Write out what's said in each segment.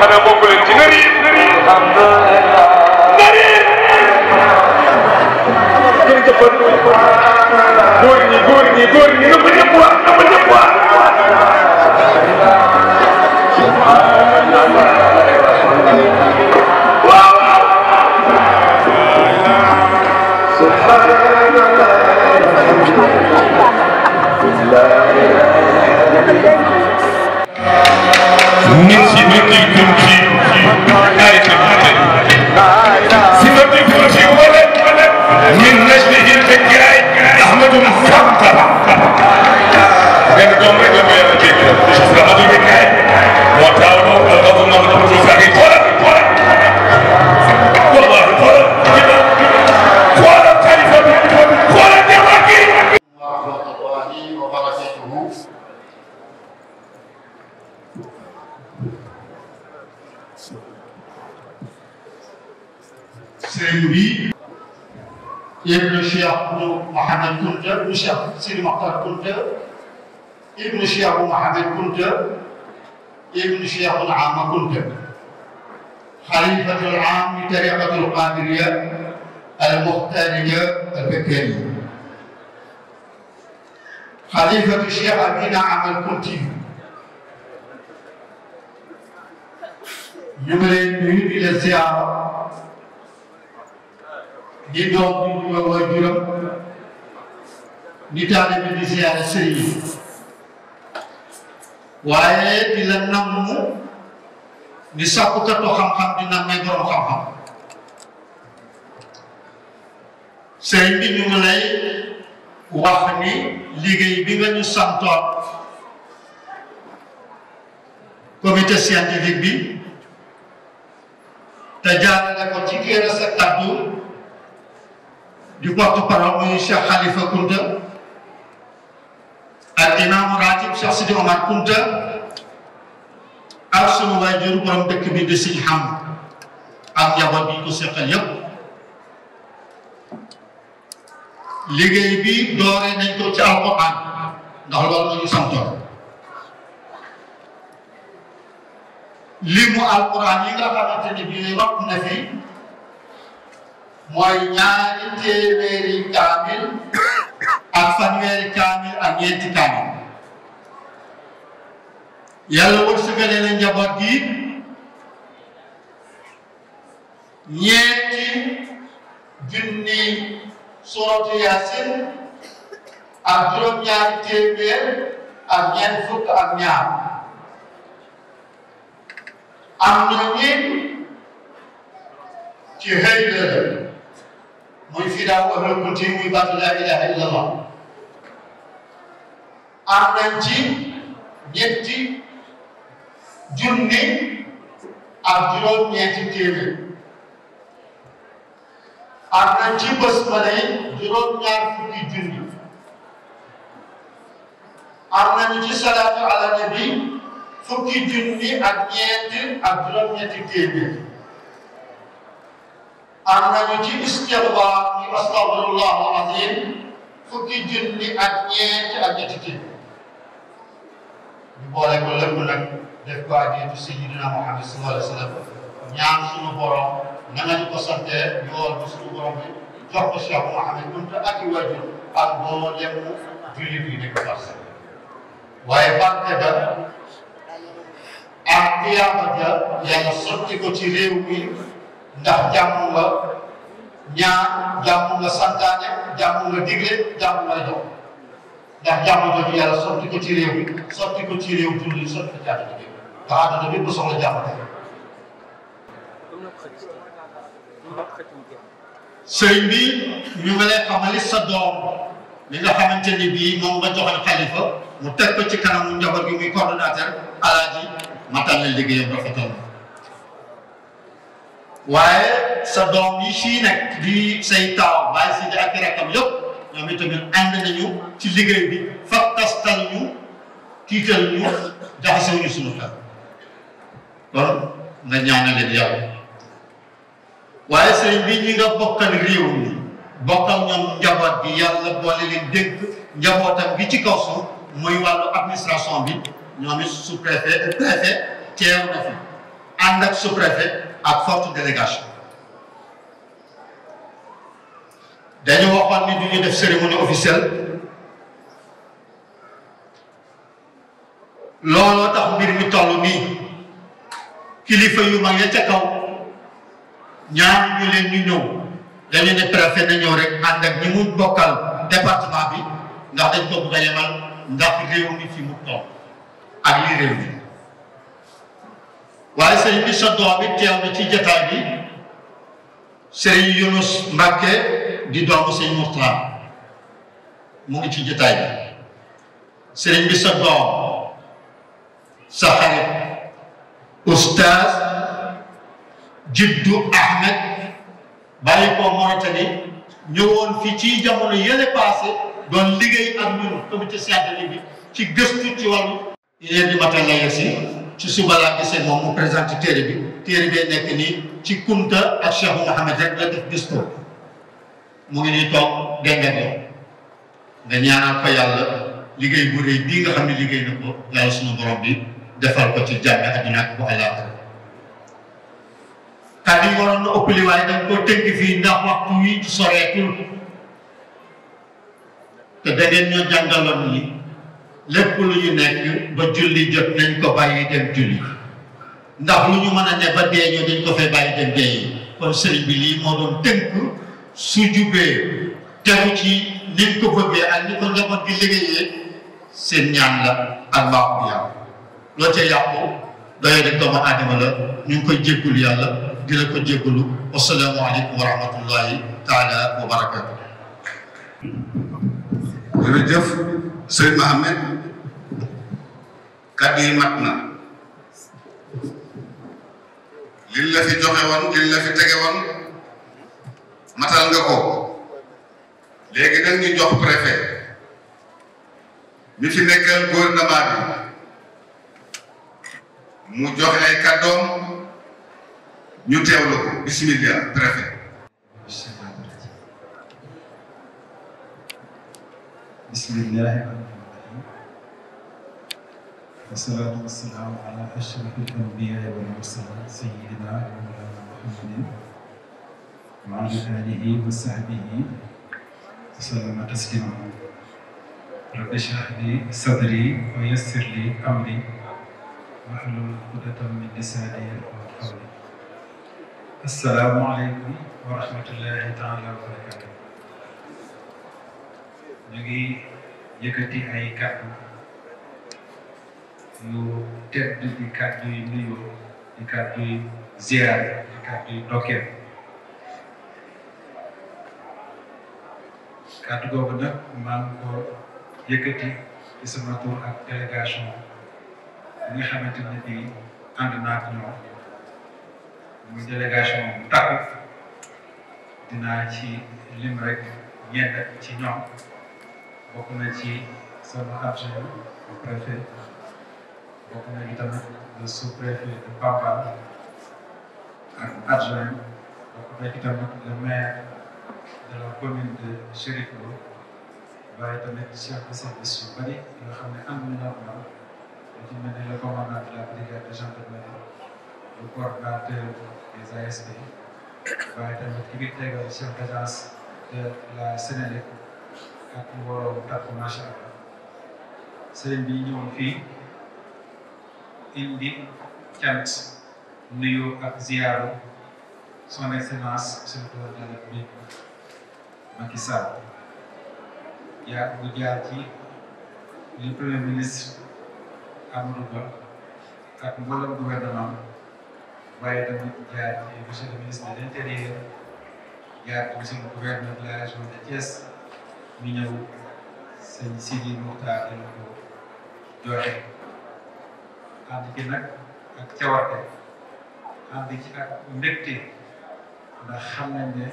xanaa bokk leen ci nari nari jërëjëfal góor ñi góor ñi góor ñi na ko ñëpp wax na ko ñëpp wax Thank you. nit yi nit yi Sidi Mokhtar Kounta ibnu Cheikh Mouhamed Kounta ibnu Cheikh Naama Kounta xalifatul aam li tariqatul qaadiriya al muxtaariya al bakkaari xalifatu Cheikh Abi Naam al Kounti ñu ngi leen nuyu di leen ziyaara di doom di juróom di taalibe di ziyaare sëriñ yi waaye di la namm di sàkkukatu xam-xam di nammee borom xam-xam sëriñ bi ñu ngi lay wax ni liggéey bi nga ñu santoon comité scientifique bi te jaarale ko ci kër sa kaddu di porte parole muy Cheikh Khalifa Kounta al imaamu ratib Cheikh Sidi Omar Kunta ak sunu waajur borom dëkk bi di siñ bi ko seqal yépp liggéey bi dooree nañ ko ci alquran ndax loolu la ñu santoon limu alquran yi nga xamante ni bii rot na fi mooy ñaari téeméeri kaamil ak fanweeri kaamil ak ñeenti kaamil yàlla wërsëgale na njaboot gi ñeenti junni sooratu yaasin ak juróom-ñaari téeméer ak ñeent fukk ak ñaar am na ñi ci xëy muy fidaa wa ahlul kunti baatu laa ilaha illa allah am nañ ci ñetti junni ak juróom-ñeenti téeméer am nañ ci bés ba fukki junni am nañ salaatu ala fukki junni ak ñeent ak juróom am nañu ci istixfaar yi astaghfirullah al-azim fukki junni ak ñeenti ak ñetti téeméer ñu boole ko lépp nag def ko adiyatu sayyidina Muhammad sallallahu alayhi wa sallam ñaan suñu borom na nga ñu ko sante yool bi suñu borom bi jox ko Cheikh Mouhamed Kounta ak i wajur ak mboolem jullit yi nekk parce waaye barke da ak tiyaaba ja yàlla sotti ko ci réew mi ndax jàmm nga ñaan jàmm nga santaane jàmm nga digle jàmm nga jox ndax jàmm jooju yàlla sotti ko ci réew sotti ko ci réew julli sotti ko ci àdduna bi ndax àdduna bi bu soxla bi ñu ngi lay doom li nga xamante ni bii xalifa mu teg ko ci kanamu njaboot gi muy coordonnateur alaaji matal la liggéeyam dafa toll waaye sa doom yi fii nekk di say taaw bàyyi si di ak rakkam yëpp ñoom itamit ànd nañu ci liggéey bi fakkastal ñu tiital ñu jaxasew ñu sunu kon nga ñaanal leen yàlla waaye sëriñ bi ñi nga bokkal réew mi bokkal ñoom njaboot bi yàlla boole leen dégg njabootam gi ci kaw suuf muy wàllu administration bi ñoom it sous préfet préfet teew ak forte délégation dañu waxoon ni du def cérémonie officielle looloo tax mbir mi toll nii kilifa yu mag ya ca kaw ñaan ñu leen ñu ñëw dañu ne préfet na rek ànd ak mu bokkal département bi ndax dañ ko bëgg yemal ndax réew mi fi mu toll ak li réew mi waaye sëriñ bi soddoo bi teew na ci jataay bi sëriñ Yunus Mbàkke di doomu sëriñ Muxtaar mu ngi ci jataay bi bi sa doom sa xarit oustaz Jiddu Ahmed bàyyi ko Mauritanie ñëwoon fi ci jamono yële passé doon liggéey ak ñun comité scientifique bi ci gëstu ci wàllu yéen di matal la yegsi ci suba laa gisee moom mu présenté téere bi téere bee nekk nii ci Kunta ak Cheikh Mouhamed rek la def gis ko mu ngi nii toog dégg nga ñaanal ko liggéey bu rëy bii nga xam ne liggéey na ko yàlla suñu borom bi defal ko ci jàmm àddina ak bu àllaaxira kàddu yi waroon na ëpp li waaye dañ koo tënk fii ndax waxtu wi te da ngeen ñoo jàngaloon ni lépp lu ñu nekk ba julli jot nañ ko bàyyi dem julli ndax lu ñu mën a ne ba dee ñoo dañ ko fay bàyyi dem dee kon sëriñ bi lii moo doon tënk su jubee teru ci niñ ko bëggee ak ni ko njaboot bi liggéeyee seen ñaan la ak mbaaxu bi loo ca yàqu doyee rek doomu aadama la ñu ngi koy jéggul yàlla di la ko jéggalu wasalaamualeykum wa rahmatullahi taala wa barakatu sëñ Mohamed kàddu yi mat na liñ la fi joxe woon fi tege matal nga ko léegi nag ñu jox préfet mi fi nekkal gouvernement bi mu joxe ay ñu teewlu ko bismillah préfet bismillahi rahmaani rahiim wasalaatu wasalaamu ala ashrafil anbiyaa wal mursaliin sayyidinaa wa mawlaanaa Muhammadin wa ala aalihi wa sahbihi wa sallama tasliiman rabbi shrah li sadri wa yassir li amri wahlul uqdatan min lisaani yafqahu qawli assalaamu aleykum wa rahmatullahi taala wa barakaatu ñu ngi yëkkati ay kàddu yu tedd di kàddu yu nuyoo di kàddu yu ziyaare di kàddu yu ndokkeel kàddu googu nag maa ngi yëkkati ci sama ak délégation bi nga xamante ne bii ànd naa ak ñoom délégation bu dinaa ci lim rek ñenn ci ñoom. bokk na ci sama adjoint au préfet bokk na ci tamit le sous-préfet de Pambal adjoint bokk na ci tamit le maire de la commune de Chérif Lo waaye tamit chef de service yu bëri yoo xam ne am ne le commandant la brigade de gendarmerie le coordinateur des ASP waaye tamit ki bi tegal chef d'agence de ak mbooloo takk macha allah sëriñ bi indi cant nuyu ak ziyaaru son excellence monsieur le président de la République Macky Sall yaa ngi premier ministre Amadou Ba ak mboolem gouvernement waaye tamit jaar ci monsieur le ministre de l' intérieur jaar ci monsieur le gouverneur de la ñu ñëw sëñ Sidi Muxtaar dina ko joxe ànd nag ak cawarte ànd ak mbégte ndax xam nañ ne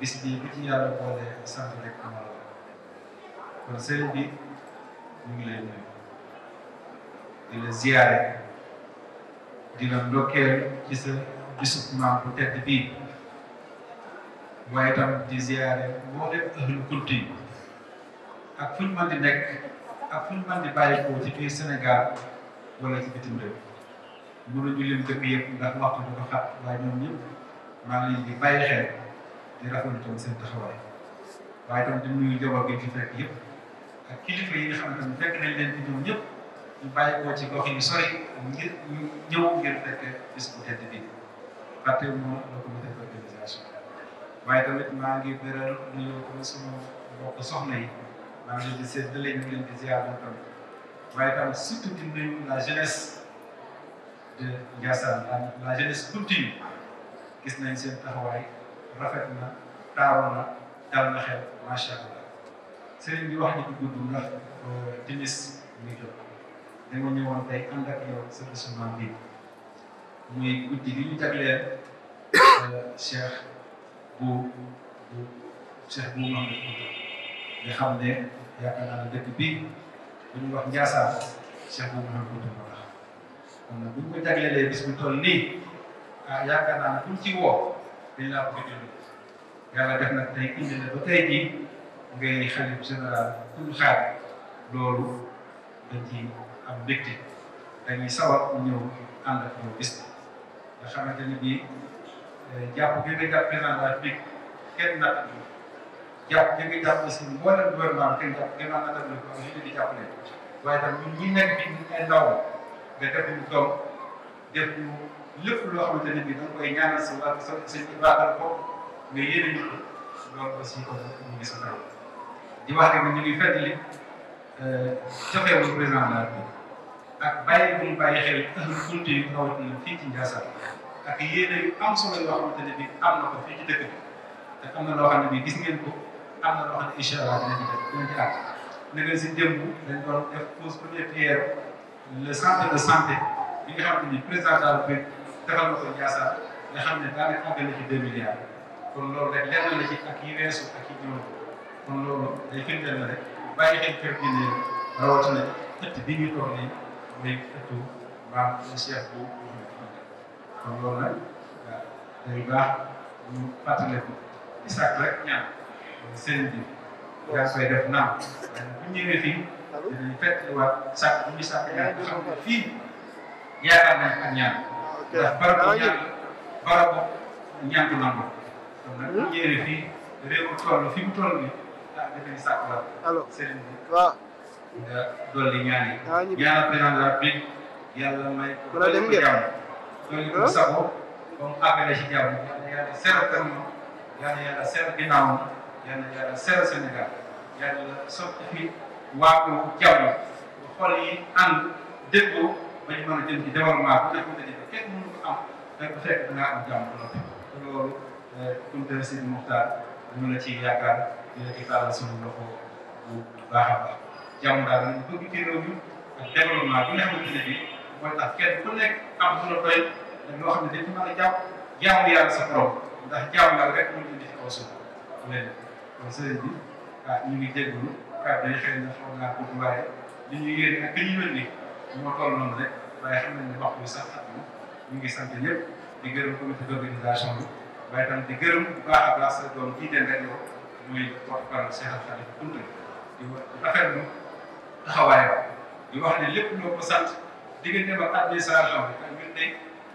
bis bii bu ci yàlla boole sant rek amal kon sëriñ bi ñu ngi lay nuyu di la ziyaare di ndokkeel ci sa bisu maam bu tedd bii waaye tam di ziare mboolem ahlu Kunta ak fu ñu di nekk ak fu ñu di bàyyeekoo ci biir Sénégal wala ci bitim réew mënuñu leen dëkk yëpp ndax waxtu bi ko xat waaye ñoom ñëpp maa ngi leen di bàyyi fekk yëpp ak kilifa yi nga xam ne fekk nañ leen fi ñoom ñëpp ñu bàyyeekoo ci gox yi sori ngir ñëw ngir fekk bis bu tedd bi fàtte moom waaye maa ngi beral nuyoo ko suñu mbokk soxna yi maa ngi leen di séddale ñu ngi leen di ziar moom tamit waaye tam surtout di nuyu la jeunesse de Ndiassane la jeunesse continue gis nañ seen taxawaay rafet na taaru na dal na xel macha allah sëriñ bi wax ñu ko gudd ndax euh, timis muy jot dama ñëwoon tey ànd ak yow sa bi muy guddi gi ñu jagleel euh, Cheikh bu bu Cheikh bu Mamadou nga xam ne yaakaar naa ne dëkk bii bu ñu wax Ndiassane Cheikh bu Mamadou Kounta bu ñu ko jaglelee bis bu ne ku ci woo dañ laa bëgg a jënd yàlla def nag tey indi na ba tey jii xaar loolu dañ ci am mbégte dañuy sawar ñëw ànd ak ñoom bis nga xamante ni bii. Eh, jàpp gi nga jàpp président de la République kenn natt bi jàpp gi nga jàpp aussi mboolem gouvernement kenn jàpp gannaaw natt bi ko ñu di jàppale waaye tam ñun ñi nekk bi ñu ay ndaw nga def ñu doom def ñu lépp loo xamante ne bii da nga koy ñaanal si wàllu sa sa baaxal ko nga yéene ñu ko donc aussi kon ñu ngi sa taw di wax rek ñu ngi fàttali eh, joxe wu président de la République ak bàyyi bu ñu bàyyi xel ëllëg funte yu rawatina fii ci Ndiassane ak yéene yu am solo yoo xamante ne bii am na ko fii ci dëkk bi te am na loo xam ne bii gis ngeen ko am na loo xam ne incha allah dinañ def dinañ ci àgg na ngeen si démb dañ doon def pose première pierre le centre de santé bi nga xam ne ni président daal bi defal na ko Ndiassane nga xam ne daanaka àgg na ci deux milliards kon loolu rek lenn la ci ak yi weesu ak yi ñëw kon loolu day firndeel na rek bàyyi xel kër gi ne rawatina ëtt bi ñu toog nii muy ëttu maam Cheikh bu kon loolu nag day baax ñu fàttaliku ci sàkk rek ñaan seen bi yaa koy def naam bu ñëwee fii dinañ fàttaliwaat sàkk bu ñu sàkk ñaan nga xam ne fii yaakaar nañ ak ñaan ah, ndax barabu ñaan barabu ñaan du nangu kon nag bu ñëwee fii réew mu toll fi mu toll nii ah dinañ sàkk la seen bi nga dolli ñaan yi ñaanal président de la République yàlla may ko jàmm loolu ko sago ba ci jàmm yal na yàlla seeral kanamam yal na yàlla seeral ginnaawam yal na yàlla seeral fi waa ko jàmm ba yi ànd déggoo ba ñu mën a jëm ci développement bu nekkul dañuy def kenn mënu ko am da ko fekk da am jàmm lool loolu Kounta euh, Sidi Mokhtar ñu la ci yaakaar ñu la ci tàllal suñu loxo bu baax a baax jàmm mi mooy tax kenn ku nekk am na la doy dañoo xam ne dañu mën a jàpp jaamu yàlla sa borom ndax jaamu yàlla rek ah, ñu ngi jégalu kàddu yi xëy na xaw naa ko waaye li ñu yéene ak li ñu yónni moo toll noonu rek xam nañ ne waxtu bi sax at mi ngi sant ñëpp di gërëm comité d'organisation bi waaye tam di gërëm bu baax a baax sa doom jiite ndek yow muy porte-parole Cheikh Al Khalifa Kounta di di wax ne lépp loo ko sant. diggante ba administration bi kon ñun de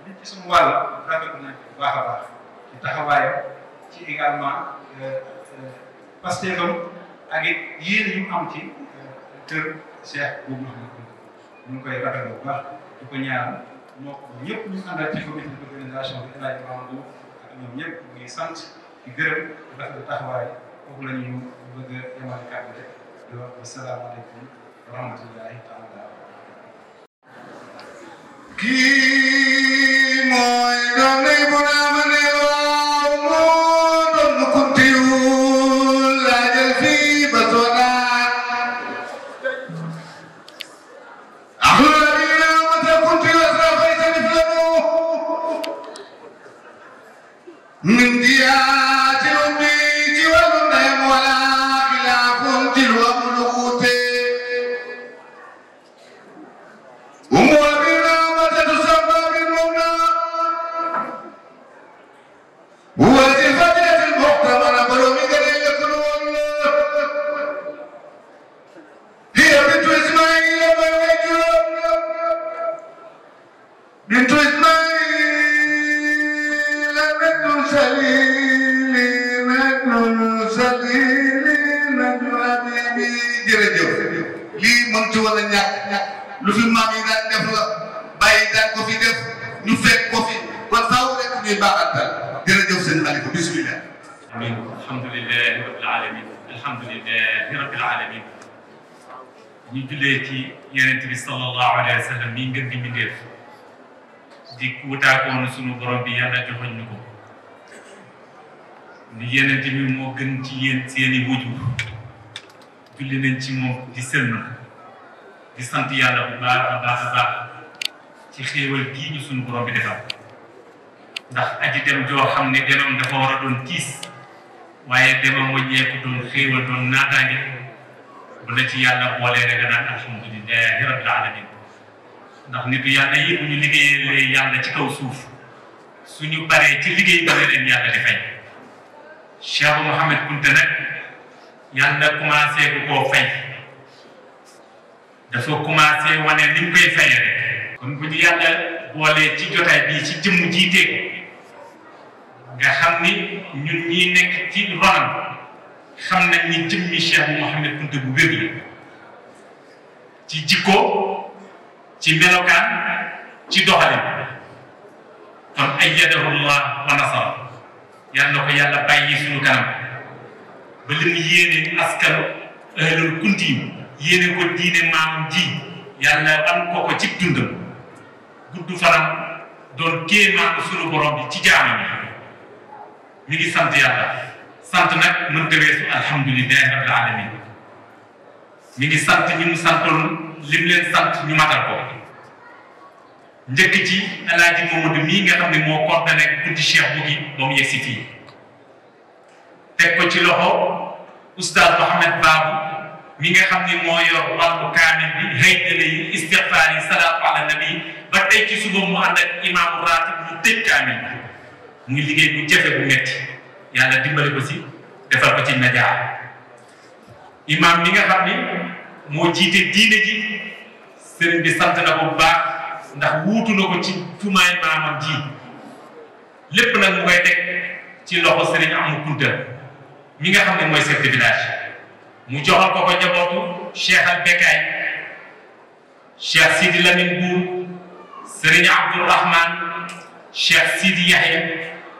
liñ ci suñu wàll rafetlu nañ ko bu baax a baax ci taxawaayam ci également pasteefam ak it yéen yu am ci kër Cheikh boobu nga xam ne ñu ngi koy rafetlu bu baax di ko ñaanal moo ko ñëpp ñu àndal ci comité d'organisation bi El Hadj Mamadou ak ñoom ñëpp ñu ngi sant di gërëm rafetlu taxawaay foofu la ñu bëgg a yemale kàddu rek di wax wasalaamaaleykum wa rahmatullahi taala kii mooy doon nay borom wutaakoonu sunu borom bi yàlla joxoñ ñu ko ni yenente bi moo gën ci yéen seeni wujur julli nañ ci moom di sëlma di sant yàlla bu baax a baax baax ci xéewal gii ñu sunu borom bi defal ndax aji dem joo xam ne demam dafa war a doon tiis waaye demam waññeeku doon xéewal doon naataange bu ci yàlla boolee rek naan alhamdulillahi rabbil alamin ndax nit yàlla yi bu ñu liggéeyee yàlla ci kaw suuf suñu paree ci liggéey ba leen yàlla di fay Cheikh Mouhamed Kounta nag yàlla commencé ku koo fay dafa commencé wane ni koy fayee rek kon bu ñu yàlla boolee ci jotaay bii ci jëmm jiitee ko nga xam ni ñun ñi nekk ci ronam xam nañ ni jëmmi Cheikh Mouhamed Kounta bu wér la ci jikko ci melokaan ci doxalin kon ayyadahu llah wa nasara yal ko yàlla bàyyi suñu kanam ba li mu yéene askanu ahlul kunti ko diine maam ji yàlla am ko ko ci dundam gudd faram doon kéemaan suñu borom bi ci jaamam mi ngi sant yàlla sant nag mënta weesu alhamdulilahi rabbil alamin ngi sant ñi mu santoon lim leen sant ñu matal ko njëkk ci El Hadj Mamadou mii nga xam ne moo coordonné guddi Cheikh Bouki ba mu yegsi fii teg ko ci loxo oustaz Mohamed Babou mi nga xam ni moo yor wàllu kaamil bi haydale yi istighfar salaatu ala nabi ba tey ci suba mu ànd ak imaamu mu tëj kaamil bi muy liggéey bu jafe bu metti yàlla dimbali ko si defal ko ci najaa imaam mi nga xam ne moo jiite diine ji sëriñ bi sant na ko bu baax ndax wuutu na ko ci tumaay maamam ji lépp nag mu koy teg ci loxo sëriñ Amadou Kounta mi nga xam ne mooy chef de village mu joxal ko ko njabootu Cheikh Al Bekaay Cheikh Sidi Lamine Bour sëriñ Abdoul Rahman Cheikh Sidi Yahya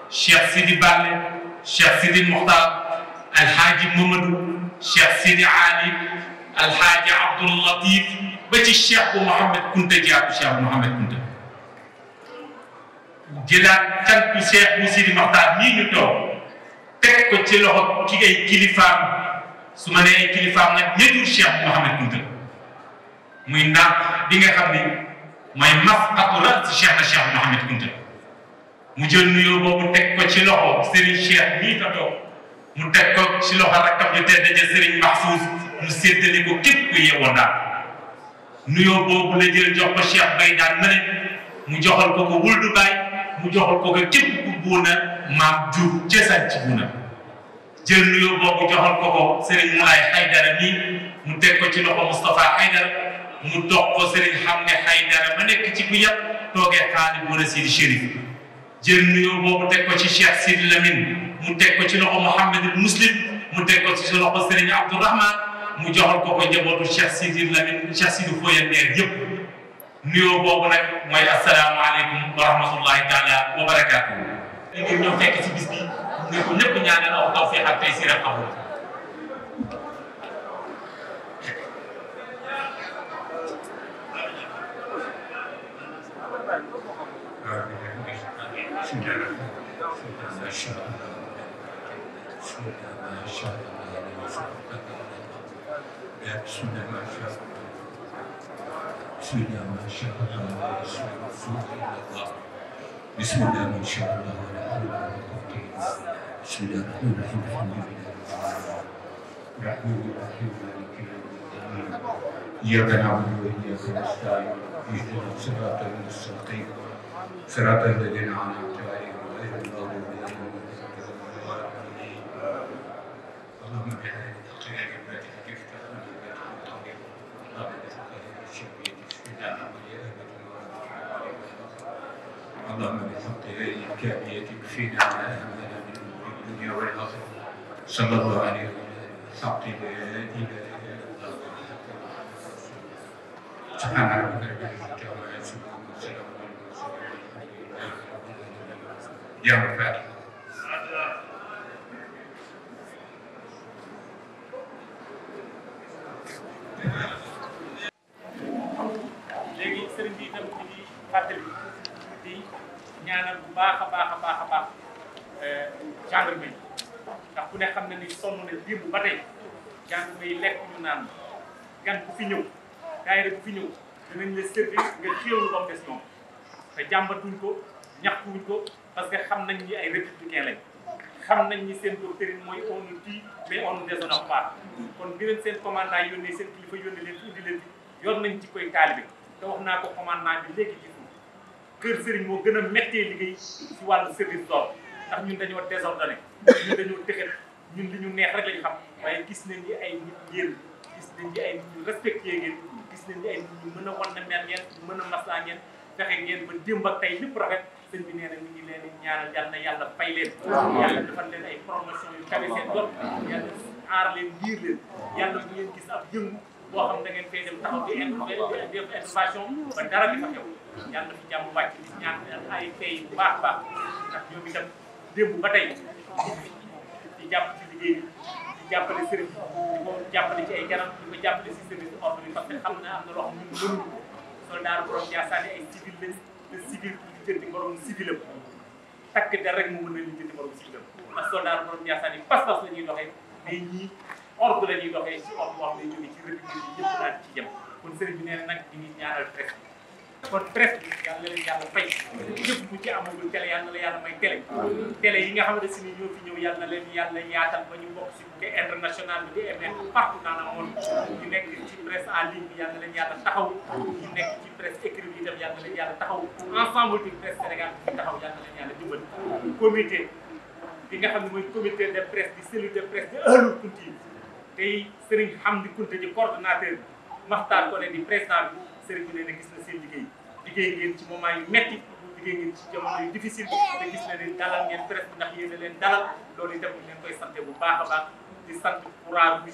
Cheikh Sidi Balle Cheikh Sidi Moukhtar Alhaji Mamadou Sidi Ali alxaaji Abdul Latif ba ci cheikh bu Mouhamed Kunta Diatou cheikh bu Mouhamed Kunta jëlaat cantu cheikh bu Sidi Maxtaar nii ñu toog teg ko ci loxo ki ay kilifaam su ma nee kilifaam nag ñëjur cheikh bu Mouhamed Kunta muy ndax bi nga xam ne mooy mafqatu la si cheikh na cheikh bu Mouhamed Kunta mu jël nuyoo boobu teg ko ci loxo Serigne Cheikh nii fa toog mu teg ko ci loxo rakkam ñu tedd ja Serigne Mahfouz mu séddale ko képp ku yeewoo daal nuyoo boobu la jël jox ko Cheikh Baye daan mu joxal ko ko wuldu baay mu joxal ko ko képp ku buuna maam jur ca sànci buuna jël nuyoo boobu joxal ko ko Serigne Moulay Haydara nii mu teg ci loxo Moustapha Haydara mu dox ko Serigne xam ne Haydara ma nekk ci bu yàpp toogee xaali bu Sidi Chérif jël nuyoo boobu teg ci Cheikh Sidi Lamine mu teg ko ci loxo Mouhamed Muslim mu teg ko ci loxo Serigne Abdourahman mu joxal ko ko njabootu Cheikh Sidi Lamine Cheikh Sidi Foye Nder yëpp nuyoo boobu nag mooy asalaamaaleykum wa rahmatullahi taala wa barakaatu. ngir ñëw fekk ci bis bi ne ko ñëpp ñaanal aw tawfiq ak tey si rek amul. سنة ما شاء سنة ما شاء الله سنة الله بسم الله ما شاء الله ولا حول ولا قوة إلا بالله بسم الله الرحمن الرحيم الحمد لله الرحمن الرحيم مالك يوم الدين إياك نعبد وإياك نستعين اهدنا الصراط المستقيم صراط الذين أنعمت عليهم غير المغضوب فينا الدنيا والآخرة صلى الله عليه وسلم سبحان ربك رب العزة عما يصفون وسلام على المرسلين يا رب ba tey jàng may lekk ñu naan gan ku fi ñëw daayira ku fi ñëw danañ la service nga xéewlu ba mu te jàmbatuñ ko ñaxtuwuñ ko parce que xam nañ ñi ay républicain lañ xam nañ ñi seen doctrine mooy on nous tue mais on ne déshonore pas kon bi seen commandant yónnee seen kilifa yónnee leen indi leen bi yor nañ ci koy taalibe te wax naa ko commandant bi léegi ci suuf kër sëriñ moo gën a méttee liggéey ci wàllu service d'ordre ndax ñun dañoo désordonné ñun ñun li ñu neex rek lañu xam waaye gis nañ ni ay nit ngeen gis nañ ngeen gis nañ ni ay nit ñu mën a wan na mer ngeen mën a maslaa ngeen fexe ngeen ba tey lépp rafet sëñ bi nee yàlla ay promotion yu kawe seen bopp yàlla aar leen liir leen yàlla bu ngeen gis ab yëngu boo xam da ngeen fay dem taxaw di def innovation ba dara di baax baax ndax ñoom itam démb ba tey di jàpp liggéey di jàppale sëriñ bi moom jàppale ci ay garab di ko jàppale si na am na loo xam ne mënuñu ko soldat borom Ndiassane ay civil lañ te civil du takk der rek na li jëndi borom civilam parce que soldat borom pas-pas la ñuy doxee mais ñii ordre la ñuy doxee si ordre boo xam ci république bi ñëpp daal ci jëm kon sëriñ bi nee nag ñu ngi ñaaral presque kon presque yàlla na leen yàlla yi nga xamante si ni ñoo fi ñëw yàlla na ñu bokk international bi di émettre partout dans na leen yàlla taxaw ñu nekk ci presse écrite bi itam bi nga xam ne mooy comité de presse di cellule de presse de Ahlul Kounta yi tey Serigne Hamdi Kounta ji di président bi sëriñ bi nee na gis na seen liggéey liggéey ngeen ci moment yu metti liggéey ngeen ci jamono yu difficile te gis na leen daal ngeen presse bi ndax yéen a leen dalal loolu itam ñu koy sant bu baax a baax di sant Croix-Rouge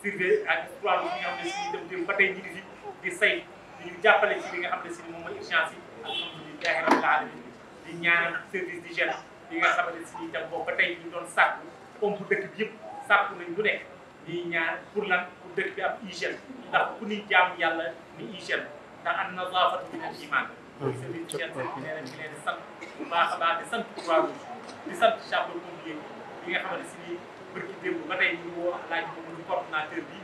Sirvé ak Croix-Rouge bi nga xam ne suñu dem dem ba tey ñu ngi fi di say di ñu jàppale ci li nga xam ne si moom mooy urgence yi alhamdulilahi rabbil alamin di ñaanal service d'hygiène nga xamante si itam boobu ba tey ñu doon sàkku pompe dëkk bi yëpp sàkku nañ lu nekk ñuy ñaan pour la pour dëkk bi am hygiène bi hygiène ndax an nadaafatu min al iman mooy Serigne Cheikh nee na ci leen di sant bu baax a baax di sant Croix-Rouge di sant sapeurs pompiers bi nga xamante si ni bërki démb ba tey ñu ngi woo laaj ko mu coordinateur bi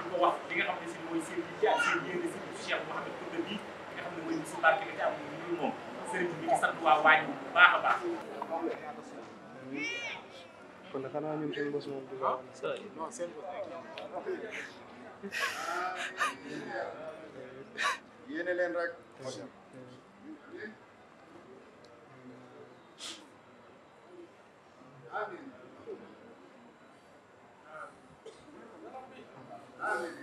di ko wax li nga xam ne si mooy seen liggéey ak seen yéene si Cheikh Mouhamed Kounta bi li nga xam ne mooy bisu barke bi te am ñu moom Serigne bi di sant waa waañ bu baax a baax kon nag xanaa ñun suñu bos moom du yéene leen rek. amiin amiin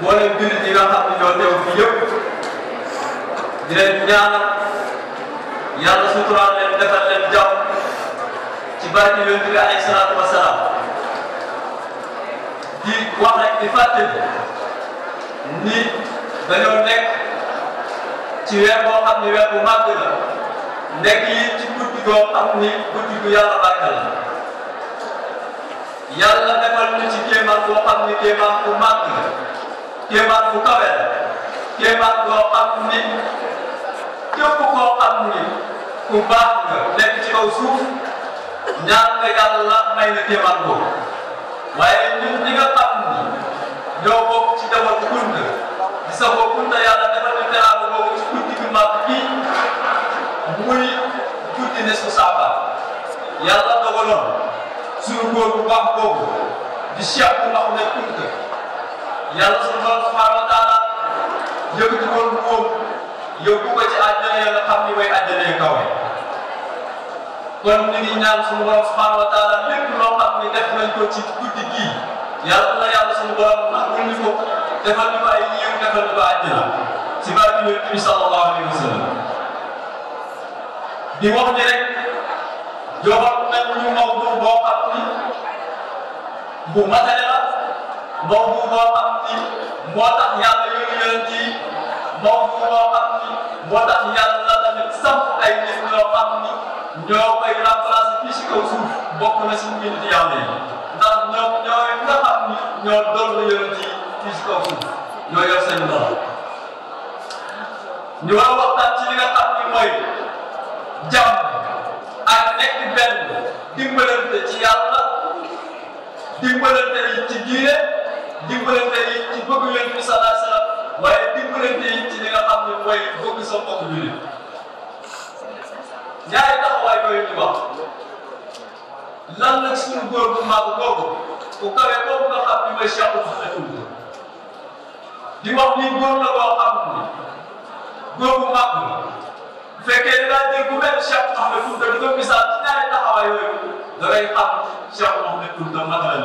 mboolem jullit yi nga xam ne ñoo teew fii yëpp di leen ñaanal yàlla suturaal leen defal leen jàmm ci barke yonent bi alayhi salaatu wa salaam di wax rek di fàttali ni dañoo nekk ci weer boo ne weer bu nekk yi ci doo xam ni la ci kéemaan boo xam ni kéemaan bu màgg la kéemaan bu kawe la xam ni képp koo xam ni ku baax nga ci kaw suuf ñaan nga yàlla may na kéemaan boobu waaye ñun ñi nga xam ni ñoo bokk ci defal kunta di sa bokk kunta defal ñu teraanga boobu ci guddi gu màgg bi muy. ci des ko saaba yàlla dogaloon suñu góor bu baax boobu di Cheikh bu Ahmed Kounta yàlla suñu borom subhanahu wa taala yëkkati woon bu moom yóbbu ko ci àjjana yàlla xam ni mooy àjjana yu kawe kon ñu ngi ñaan suñu borom subhanahu wa taala lépp loo xam ni def nañ ko ci guddi gii yàlla na yàlla suñu borom nangul ñu ko defal ñu ko ay yiw defal ñu ko di wax ni rek joxoon nañu mawdu boo xam ni bu matale la mawdu boo xam ni moo tax yàlla yónni yonent yi mawdu boo xam ni moo tax yàlla tamit samp ay nit ñoo xam ni ñoo koy remplacer fii si kaw suuf bokk na si mbir yàlla yi ndax ñoom ñooy nga xam ni ñoo doon la yonent yi fii si kaw suuf ñoo yor seen doom ñu war a waxtaan ci li nga xam ni mooy. jàmm ak nekk benn dimbalante ci yàlla dimbalante yi ci diine dimbalante yi ci bëgg yonent bi salaa salaam waaye dimbalante yi ci li nga xam ne mooy bëgg sa mbokk jullit ñaari taxawaay yooyu ñu wax lan la suñu góor bu màgg boobu ku kawe boobu nga xam ne mooy Cheikh Ousmane Touba di wax ni góor la boo xam ne góor bu màgg bu fekkee da ngaa benn Cheikh Mouhamed Kounta di ko misaal ci ñaari taxawaay yooyu da ngay xam Cheikh Mouhamed Kounta mën na la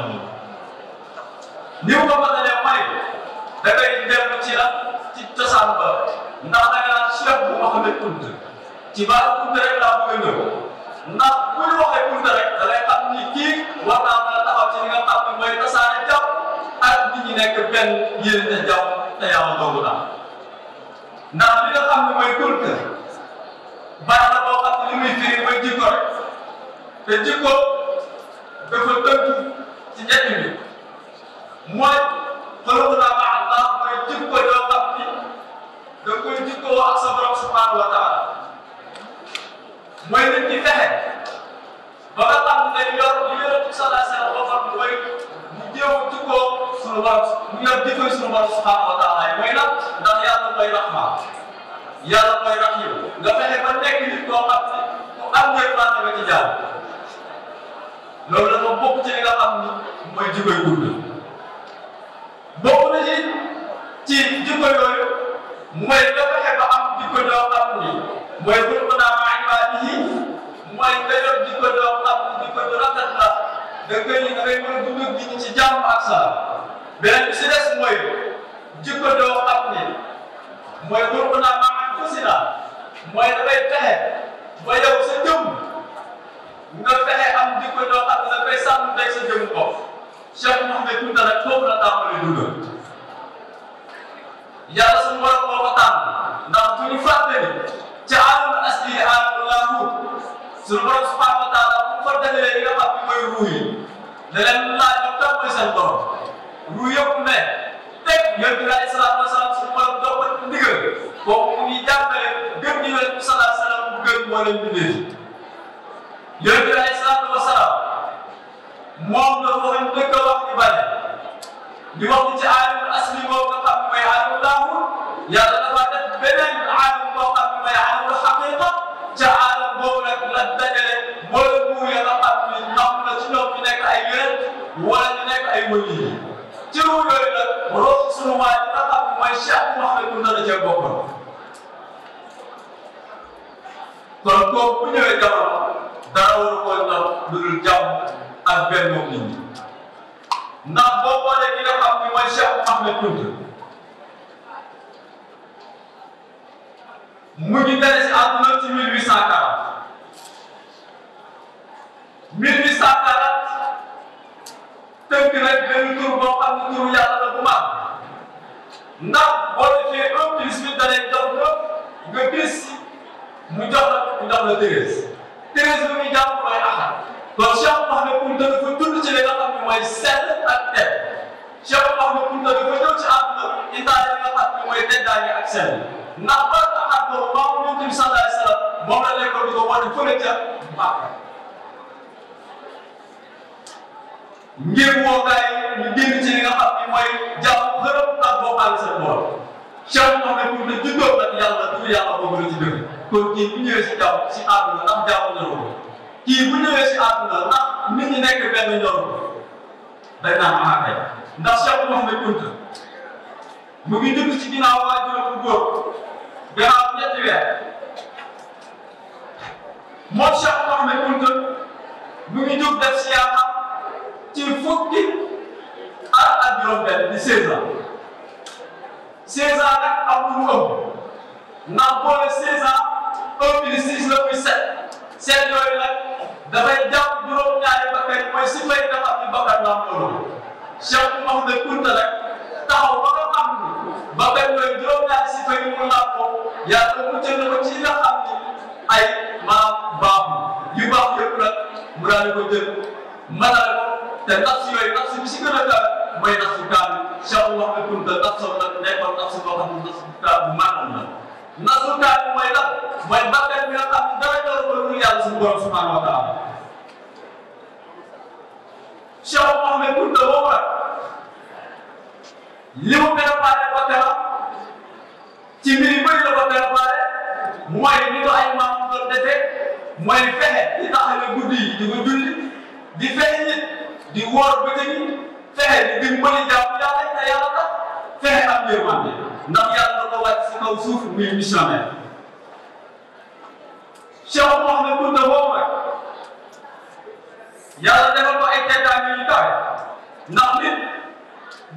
ni mu ko mën a def mooy da ngay ci la ci cosaan ba ndax da ngaa Cheikh bu Mouhamed Kounta ci baal Kounta rek laa bëgg a ñëw ndax bu ñu waxee Kounta rek da ngay ni kii war naa mën nga xam ni mooy tasaare jàpp ak nit ñi nekk benn yéen a jàpp te yàlla dogu na ndax li nga xam ni mooy baat la boo xam ne li muy firi mooy jikko rek te jikko dafa tënku ci njëkk bi mooy xoloku naa baax Allah mooy jikko yoo xam ni da koy jikkoo ak sa borom subhanahu wa taala mooy nit ñi fexe ba nga xam li yonent bi sallallahu alayhi wa sallam waxoon mooy mu jéem jikkoo sunu borom mu yor jikkoy sunu borom subhanahu wa taala mooy lan ndax yàlla mooy rahma yàlla mooy rahim nga fexe ba nekk nit koo xam ne ku am mooy maanaam nga ci ci li nga xam mooy jikkoy guddi bokk na ci ci jikko yooyu mooy nga fexe ba am ni mooy buñu naa maa ibaadi yi mooy nga yor jikko doo xam ni jikko du rafet la nga koy li ngay mën a dund ak nit ñi ci si des mooy jikko doo xam ni anfusina mooy dafay fexe ba yow sa jëm nga fexe am jikko yoo xam ne dafay sàmm tey sa jëm bopp Cheikh Mouhamed Kounta nag foofu la tàmbalee dugal yàlla suñu borom moo ko tànn ndax du ñu fàtte ni ci alamul asli alamul laahut suñu borom subhanahu wa taala bu ko dajalee li nga xam ne mooy ruu yi ne leen laaj ñu tàmbali seen borom ruu yëpp ne teg yonent bi alayhi salaatu wa salaam suñu borom jox ko ndigal kooku mu ngi jàppale gëm ñu yonent bi salaatu salaam bu gën moo leen bindee yonent bi alayhi salaatu wa salaam moom la wax njëkk a wax di bale di wax ci aalimul asli boobu nga xam mooy aalimul laahu yàlla dafa def beneen aalim boo xam mooy aalimul xaqiqa ca aalim boobu nag la dajale mu ngi dale si àdduna ci 1840 1840 tënk nag benn tur boo xam ne turu yàlla la bu mag ndax boo defee un plus huit da lay jox neuf nga gis mu jox la mu jox la treize treize lu muy jàpp mooy axar kon Cheikh Mouhamed Kounta dafa dund ci li nga xam ne mooy sell ak tedd Cheikh Mouhamed Kounta dafa ñëw ci àdduna indaale li nga xam ne mooy teddaange ak sell ndax ban at boobu maamu Yonent bi sallallahu alayhi wa moom la lekkoon ko wane fële ca Màkka ngir woo gars yi ñu génn ci li nga xam mooy jàpp xërëm ak bokkaale seen borom Cheikh Mouhamed pour ne juddoo nag yàlla tur yàlla boobu la ci dëgg kon kii bu ñëwee si jàpp si àdduna ndax jàpp nañu ko kii bu ñëwee si àdduna ndax nit ñi nekk benn ñoom day naan amaat ndax Cheikh Mouhamed Kounta mu ngi dëkk ci ginnaaw waajuram bu góor gannaaw ñetti weer moom Cheikh Mouhamed Kounta mu ngi jóg def ci fukki at ak juróom-benn di seize ans seize ans nag am lu mu ëmb ndax boole seize ans un plus six la muy sept sept yooyu nag dafay jàpp juróom-ñaari bakkan mooy si fay defar ci bakkan la am loolu Cheikh Mouhamed Kounta nag taxaw ba nga xam ni ba benn yooyu juróom-ñaari si fay mu laaj ko yàlla muccal na ko ci nga xam ni ay maam baax yu baax yëpp nag mu daal di ko jël mënal ko te ndax si yooyu ndax si bi si gën a kawe mooy ndax su kaami Cheikh wax nga Kunta ndax soo nag nekkoon ndax su boo xam ne ndax su kaami maanaam la ndax su kaami mooy lan mooy bakkan bi nga xam ne dara jël ko lu yàlla suñu borom subhanahu wa taala Cheikh Mouhamed Kunta boobu nag li mu préparé ba keroog ci mbir yu bëri la ko préparé mooy li ay maam doon defee mooy fexe di taxawe guddi yi di ko julli di fexe nit di woor bëccëg yi di dimbali jaamu yàlla te yàlla tax fexe am yërmande ndax yàlla da ko si kaw suuf muy missionnaire Cheikh Mouhamed Kounta boobu nag yàlla defal ko ay teddaange yu kawe ndax nit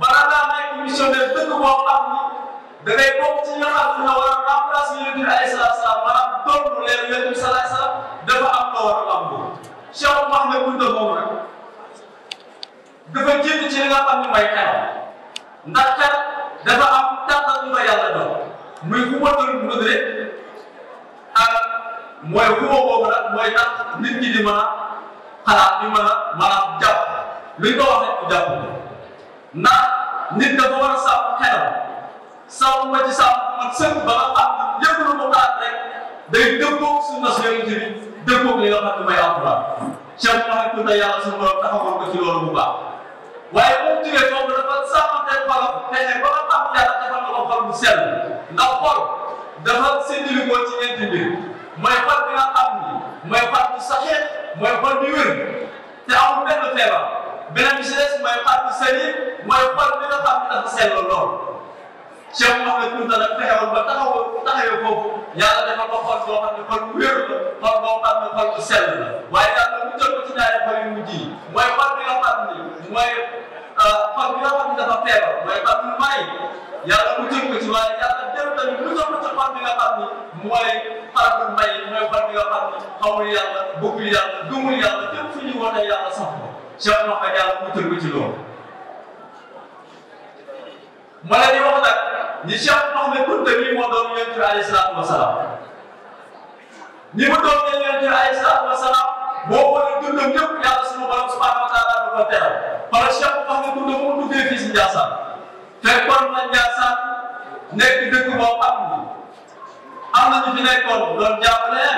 bala ngaa nekk missionnaire dëkk boo xam ni da ngay bokk ci ñi xam ne war a remplacer Yonent bi alayhi salaatu salaam maanaam doon leen Yonent bi salaatu salaam dafa am nga war am ko Cheikh Omar ne Kunta moom nag dafa génn li nga xam ne mooy xel ndax xel dafa am tànn bu ma yàlla doon muy ku ma doon mënule ak ah, mooy ku ma boobu nag mooy tax nit ñi di mën a xalaat di mën a li ñu ko ndax nit dafa war a sàmm xelam sàmm ba ci sàmm ak sëñ ba nga xam lépp lu mu xaar rek day dëppoo sunna su yonent bi dëppoo li nga xam ne mooy alquran Cheikh Mouhamed Kounta yàlla suñu borom taxawoon ko ci loolu bu baax waaye moom jigéen foofu dafa sàmmanteel xolam fexe ba nga xam yàlla defal na ko xol bu sell ndax xol dafa séddilikoo ci ñeenti mbir mooy xol bi nga xam ni mooy xol bu saxee mooy xol bi wér te amul benn feebar beneen bi ci des mooy xar bi sëñ yi mooy xol bi nga xam ne dafa seetlu lool Cheikh Mouhamed Kounta nag fexewoon ba taxawoo taxawee foofu yàlla dafa ko xol boo xam ne xol bu wér la xol boo xam ne xol bu sell la waaye yàlla mu jël ko ci ñaari xol yu mujj yi mooy xol bi nga xam ni mooy euh, xol bi nga xam ne dafa feebar mooy xol bu may yàlla mu jël ko ci waaye yàlla jël tamit mu jël ko ci xol bi nga xam ni mooy xol bu may mooy xol bi nga xam ni xamul yàlla bëggul yàlla gëmul yàlla jëm fu ñu wootee yàlla sax Cheikh Moussa Diallo mu tënk ci loolu. ma la ñu wax nag ñi Cheikh Mouhamed Kounta mi moo doon yonent bi alayhi salaatu wa salaam ñi mu doon yonent bi alayhi salaatu wa salaam boo xoolee dundam yëpp yàlla suñu borom subhanahu wa taala da ko teral parce que Cheikh Mouhamed Kounta moo duggee fii si Ndiassane fekkoon na Ndiassane nekk dëkk boobu am na am na ñu fi nekkoon doon jàppale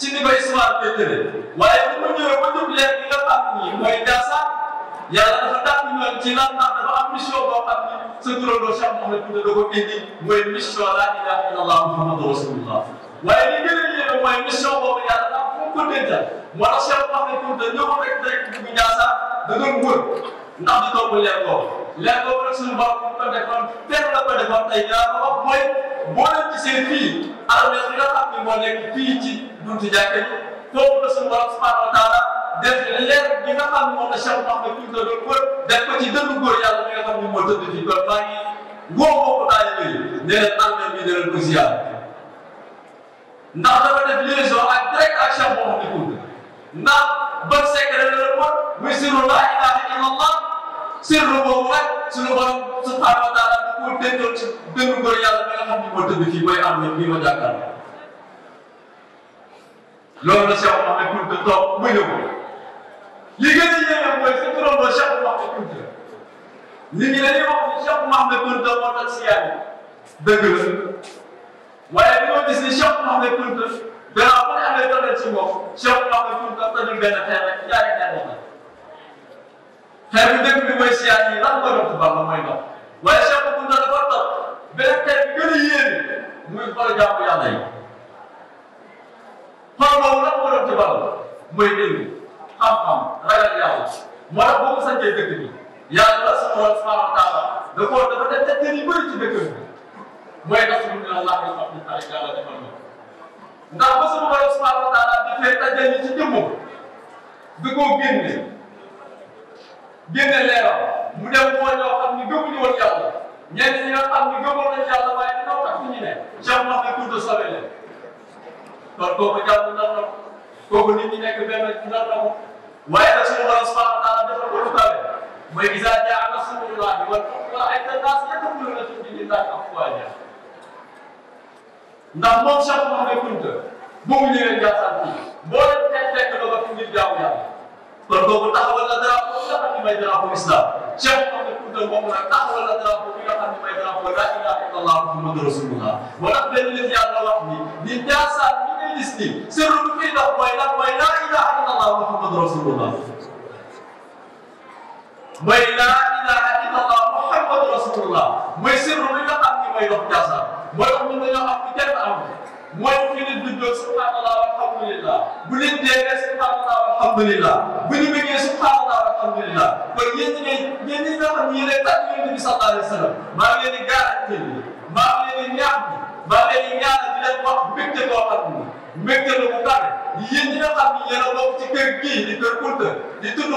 ci ni ko Ismaël koy jëlee waaye bu mu ñëwee ba jub leer gi nga xam ni mooy Ndiassane yàlla dafa tànn ñoom ci lan ndax dafa am mission boo xam ni sa turandoo Cheikh Mouhamed Kounta da ko indi mooy mission la ilaha illallah muhammadu rasulullah waaye li gën a yéeme mooy mission boobu yàlla dafa fu mu ko dencal moo tax Cheikh Mouhamed Kounta ñëw ko rek rek bu Ndiassane da doon wër ndax di topp leer boobu leer boobu rek suñu borom ko defoon teel la ko defoon tey yaa ko wax mooy boo leen gisee fii alors que nga xam ni moo nekk fii ci buntu jàkka ji foofu la suñu borom subhanahu wa taala def leer gi nga xam ne moom la Cheikh Mouhamed Kounta doon wër def ko ci dënnu góor yàlla mi nga xam ne moo tëdd fii kon maa ngi woo bokk taalibe yi ne leen ànd bi ne leen ko ziar ndax dafa def liaison ak direct ak Cheikh Mouhamed Kounta ndax ba sekk la leen wër muy sirru laa ilaaha illallah sirru boobu rek suñu borom subhanahu wa taala bu ko dendoon ci dënnu góor yàlla mi nga xam ne moo tëdd fii mooy am na bii ma jàkkaarloo loolu la Cheikh Omar Kounta toog muy nëbbu li gën a yéeme mooy sa turandoo Cheikh Omar Kounta nit ñi dañuy wax ni Cheikh Omar Kounta moo tax si yaay dëgg la waaye li ma gis ni benn xeer rek ñaari xeer la xeer bu dëgg bi mooy si yaay yi lan nga doon tubaab la mooy dox waaye Cheikh Omar Kounta dafa toog benn xeer bi gën a yéeme muy xool jàmm yàlla xool boobu lan moo doon ci baaxul mooy déglu xam-xam ragal yàlla moo tax boo ko sañcee dëkk bi yàlla subhaanahu wa taala da koo dafa def tegtal yu bëri ci dëkk bi mooy ndax suñu la laaj la xam ne xale yàlla defal na ndax ba sama borom subhaanahu wa taala di fee tajal ñi ci jëmm di ko génne génne leeram mu dem moo ñoo xam ni gëmuñu woon yàlla ñenn ñi nga xam ni gëmoon nañu yàlla waaye dinaw tax fi ñu ne. Cheikh Mouhamed Kounta Sobele kon kooku jàll nan la ko kooku nit ñi nekk benn nan la ko waaye nag suñu borom subhanahu wa taala defal ko lu kawe mooy izaa jaa nasrullaahi wal fath wa ra'ayta n-naasa yadkhuluuna fii diinillaahi afwaajaa ndax moom Cheikh Mouhamed Kounta bu mu ñëwee Ndiassane fii boo leen fekk fekk na ko fi ngir jaamu yàlla kon kooku taxawal na drapeau bi nga xam ne mooy drapeau islam Cheikh Mouhamed Kounta moom nag taxawal na drapeau bi nga xam ne mooy drapeau laa ilaaha illallah Muhammadu rasulullah moo tax benn nit yàlla wax ni ni Ndiassane ñu ngi gis ni sëru bi muy dox mooy lan mooy laa ilaaha illallah Muhammadu rasulullah mooy laa ilaaha illallah Muhammadu rasulullah mooy sëru bi nga xam ne mooy dox Ndiassane mooy wax ñu dañoo am kenn am mooy bu ñu leen dundoo subhanallah walhamdulillah bu leen deewee subhanallah walhamdulillah bu ñu bëggee subhanallah walhamdulillah kon yéen ñi ne yéen ñi nga xam ne yéen ay tànn bi sallallahu alayhi maa ngi leen di garanti maa ngi maa ngi leen di ñaax di leen wax mbégte boo xam ne mbégte la bu bare yéen ñi nga xam ne yéen a bokk ci kër di kër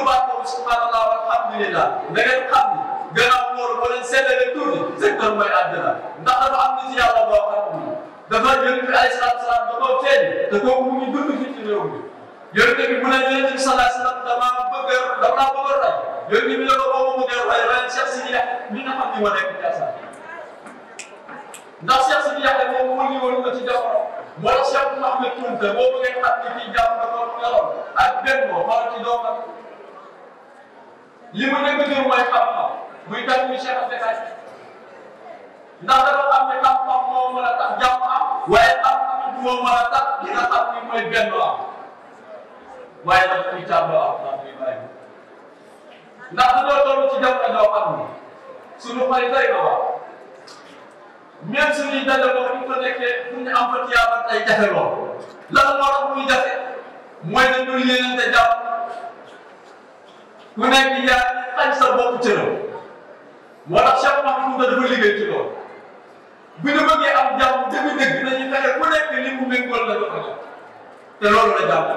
baat boobu subhanallah walhamdulillah da ngeen xam ni gannaaw loolu boo leen seetalee tuuti dafa yonent bi alayhi salaatu salaam da koo te kooku mu ngi dund fii ci réew mi yonent bi mu ne yonent bi salaatu salaam damaa bëgg a dama laa bëgg a rey yonent bi ne ko boo ma bëgg a rey rey Cheikh Sidi Yax mi nga xam ni moo nekk Ndiassane ndax Cheikh Sidi Yax moom moo ñu woon ko ci jamono moo tax Cheikh Mouhamed Kounta boo bëggee xam ni kii jàmm dafa yoroon ak benn boo xool ci doomam li mu nekk nii mooy xam-xam muy tànn Cheikh Afrika ndax dafa xam ne xam-xam moo mën a tax waaye xam-xam it moo mën a tax li nga xam ni mooy benn am waaye dafa am itam am ndax dañoo toll ci jamono joo xam ni suñu xarit day na wax même suñuy daje boobu ñu ko am fa tiyaaba ay jafe lool lan moo tax muy jafe mooy dañ doon yéenante ku nekk yaa xañ sa bopp cëram moo tax Cheikh Mahmoud dafa liggéey ci loolu bu ñu bëggee am jàmm dëgg-dëgg nañu fexe ku nekk li mu méngool la jox te loolu la jàpp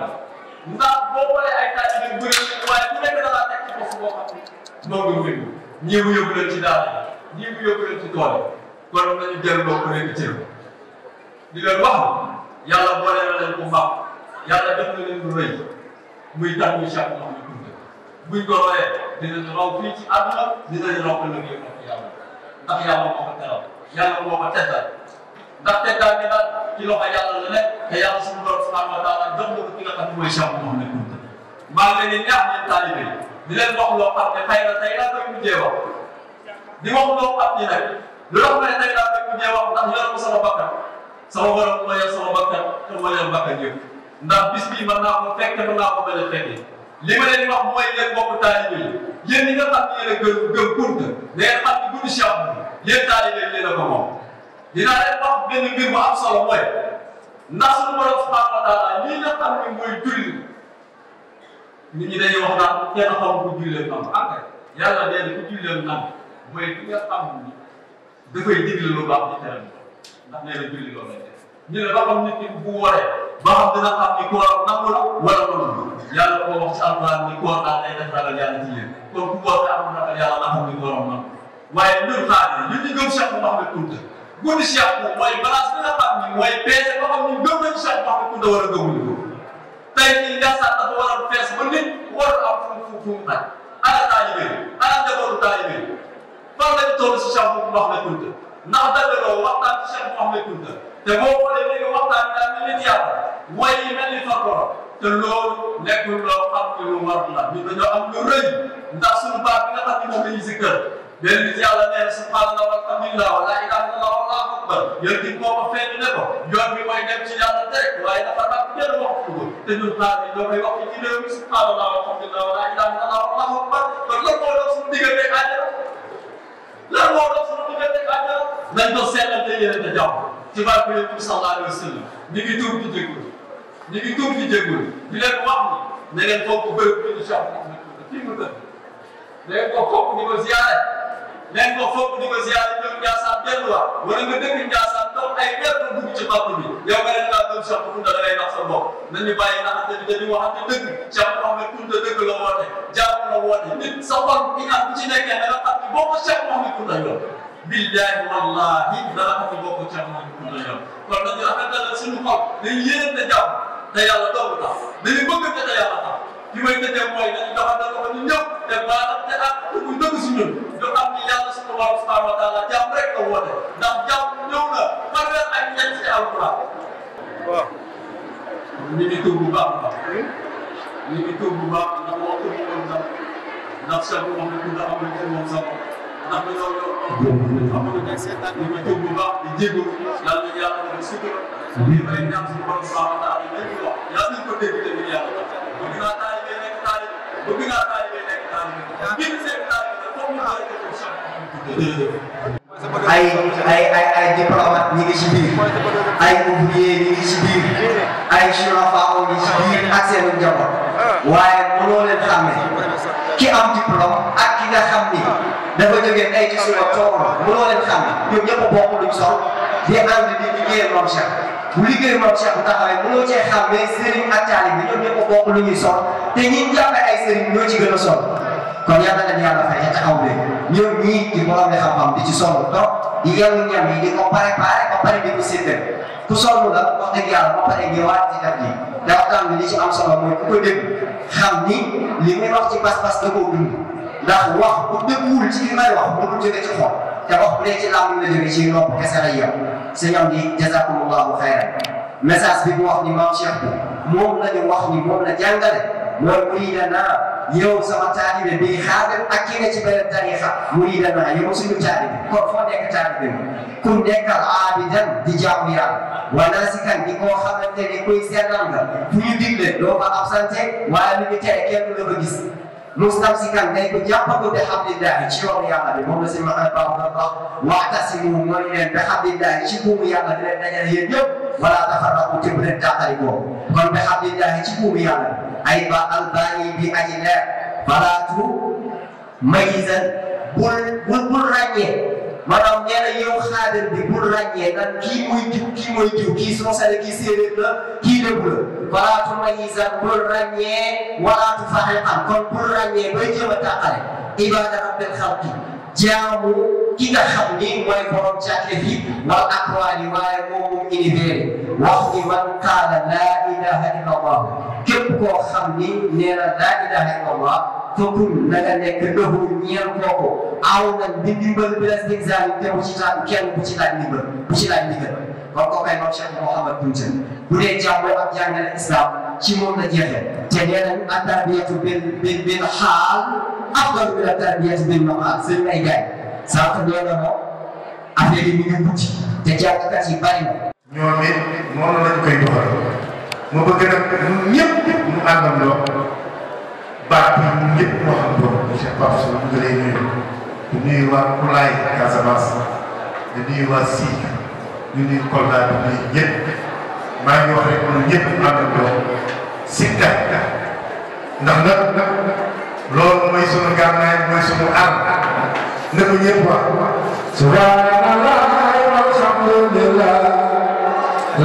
ndax boo boolee ay tàcc bi bëri waaye ku nekk da laa teg ci bopp boo xam ne la ñu ñii mu yóbbu leen ci daara ñii mu yóbbu leen ci tool kon nañu jël bopp nekk cër di leen wax yàlla boole na leen bu mbaax yàlla def na leen lu rëy muy tax ñu chaque mois ñu dund buñ ko a dinañ raw fii ci àdduna dinañ raw ëllëg yëpp ak yàlla ndax yàlla moo ko teral yàlla moo ko teddal ndax teddal bi nag ci loxo yàlla la nekk te yàlla suñu borom subhanahu wa taala jox na ko ki nga xam ne mooy Cheikh Mouhamed Kounta maa ngi leen di ñaax ñeen taalibe yi di leen wax loo xam ne xëy na tey laa koy mujjee wax di wax loo xam ni nag lu tax ma ne tey laa koy mujjee wax ndax yoram sama bakkan sama borom moo yor sama bakkan te moo yor bakkan yëpp ndax bis bii mën naa ko fekk mën naa ko bañ a fekkee li ma leen wax mooy leen bokk taalibe yi yéen ñi nga xam ne yéen a gën gën Kunta da ngeen xam ne guddi Cheikh bi yéen taalibe yi yéen a ko moom dinaa leen wax benn mbir mu am solo mooy ndax suñu borom subhanahu wa taala lii nga xam ne mooy julli nit ñi dañuy wax naan kenn xam ku julleem am ak ah, yàlla nee na ku julleem am mooy ki nga xam ni dafay digle lu baax di tere ndax nee na julli loolu lay def ñu ne ba xam nit ki bu waree ba xam dina xam ni koor nangu la wala nangu yàlla koo wax si alquran ni koor daal day def ragal yàlla ci yéen kon ku koor te amul ragal yàlla na xam ni kooram nangu waaye ñun xaar yi ñu ñu gëm Cheikh Mouhamed Kounta guddi Cheikh moom mooy balance bi nga xam ni mooy peese ba xam ni gëm nañu Cheikh Mouhamed Kounta war a gëmuñu ko tey jii gasaan dafa war a fees ba nit war a am fu mu fu mu xaj ala taalibe ala njabootu taalibe fan lañ toll si Cheikh Mouhamed Kounta ndax dajaloo waxtaan ci Cheikh Mouhamed Kounta te boo xoolee léegi waxtaan daal mel ni théâtre mooy yi mel ni folklore te loolu nekkul loo xam ne lu war la ñun dañoo am lu rëy ndax suñu baat bi nga xam ne moom la ñuy sikkal benn bis yàlla nee subhanallah walhamdulillah wa laa ilaaha illallah wallahu akbar yéen di ko fekk ne ko yoon bi mooy dem ci yàlla direct waaye dafa am benn waxtu ko te ñun xaar bi ñoo koy wax ci réew mi subhanallah walhamdulillah wa laa ilaaha illallah wallahu akbar kon lan moo doon suñu diggante àjjana lan moo doon suñu diggante ak àjjana nañ ko seetal te yéen a jàpp ci barke Yonent bi sallallahu alayhi wa sallam ñu ngi tuub di jégalu ñu ngi tuub di jégalu di leen wax ni na ngeen foog ko bërëb bi di Cheikh Mouhamed fii mu tëdd na ko foog di ko ziyaare nañ ko foog di ko ziyaare a Ndiassane delluwaat wala nga dëkk Ndiassane toog ay weer ba dugg ci pàpp bi yow nga leen laa gëm Cheikh Kounta da ngay nax sa bopp nañu bàyyi naxante bi dañuy waxante dëgg Cheikh Mouhamed Kounta dëgg la woote jàmm la woote nit sa xol bi am bu ci nekkee da nga xam ne boo ko a Mouhamed Kounta yow billahi wallahi dana xam ne boo ko Cheikh Mouhamed Kounta yow kon nag ñu rafetal suñu xol dañu yéene te jàmm te yàlla doogu tax dañu bëgg te yàlla li may tëjee mooy dañu doxal da ko ñu ñëpp te baalam te ak te muy dëgg si ñun ñu xam ni yàlla suñu borom subhanahu wa taala jàmm rek la woote ndax jàmm ñëw na fanweer ak ñett ci alquran waaw ñu ngi tuub bu baax a baax ñu ngi tuub bu baax ndax moo tuub woon sax ndax seen wax na tudd amul kenn moom sax ndax dañoo yor amul nekk seetaan ñu ngi tuub bu baax di jéego yàlla na yàlla dafa sutura ñu ngi lay ñaan suñu borom subhanahu wa taala lañ ñu wax yàlla nañ ko dégg te ñu yàlla bëgg naa ay ay ay ngi ci biir ay ouvrier ñi ngi ci biir ay surafaa ñi ci biir ak seen njaboot waaye mënoo leen xàmme ki am diplôme ak ki nga xam ni dafa jógee ay ci suba toog la mënoo leen xàmme ñoom ñëpp bokk duñ sol di ànd di liggéeyal moom Cheikh bu liggéey moom Cheikh bu taxawee mënoo cee xàmmee sëriñ ak taalibe bi ñoom ñëpp bokk lu ñuy sol te ñi jàppe ay sëriñ ñoo ci gën a sol kon yal na leen yàlla fay taxaw leen ñoom di borom ne xam-xam di ci sonn donc di yellu ñam ko pare di ko séddale ku sonn la wax dëgg yàlla ba pare ñëwaat ci def ji ndax tam li ci am solo mooy ku ko dégg xam ni li muy wax ci pas-pas da koo dund ndax wax bu dëgguwul ci li may wax mënul jóge ci xol te wax bu dee ci làmm la jóge ci nopp kese la yow sëñam di jazakumullahu xayran message bi mu wax ni maam Cheikh bi moom la ni moom la jàngale loolu muridanaa yow sama taalibe bi xaadir ak kii ne ci beneen tariixa muridanaa yow suñu taalibe kon foo nekk taalibe bi ku nekkal aabidan di jaamu yàlla wala si kan di koo xamante ne kuy sellal nga fu ñu digle doo ko absenté waaye lu ñu tere kenn du mustamsikan day ko jàppandu bi hablillahi ci yoonu yàlla bi moom la si maanaam baaxul a baax waxtasimu mooy leen bi hablillahi ci buumu yàlla di leen dajale yéen ñëpp wala tafarraqu te bu leen tàqali ko kon bi hablillahi ci buumu yàlla ay ba albani bi aji leer balaatu mayizan bul bul bul ràññee maanaam nee na yow xaadir bi bul ràññee nan kii muy jiw kii muy jiw kii soosale kii séeréer la kii lébu la walaatu mayisan bul ràññee walaatu faxiqan kon bul ràññee bay jéem a tàqale ibaada rabbil xalqi jaamu ki nga xam ni mooy borom càkkeef yi wal aqwaal yi waaye moom moom univers wax ni man qaala laa ilaha illa allah képp koo xam ni nee na laa ilaha illa allah fakul na nga nekk lahu ñeel kooku aw nañ bi ndimbal bi la examen te bu ci laaj kenn bu ci laaj ndimbal bu ci laaj ndimbal ba ko bay moom Cheikh Mouhamad Boutia bu dee jàngo ak jàngale islam ci moom la jeexee te nee nañu attarbiyatu bil bil bil xaal afdalu min attarbiyatu bil maqaal seen ay gaay sànq nee na moom affaire yi mi ngi guddi te jàngkat yi bari na. ñoom it noonu lañ koy doxal ma bëgg nag ñun ñëpp ñu àndandoo baat bi ñun ñëpp moo xam ko monsieur Pape Sow ñu ngi lay nuyu di nuyu waa Kulaay Casamance di nuyu waa Sine. ñu ngi kontaan bi ñëpp maa ngi wax rek ñun ñëpp àndandoo sikka ndax nag loolu mooy sunu gànnaay mooy sunu aar na ko ñëpp wax subhanallah walhamdulillah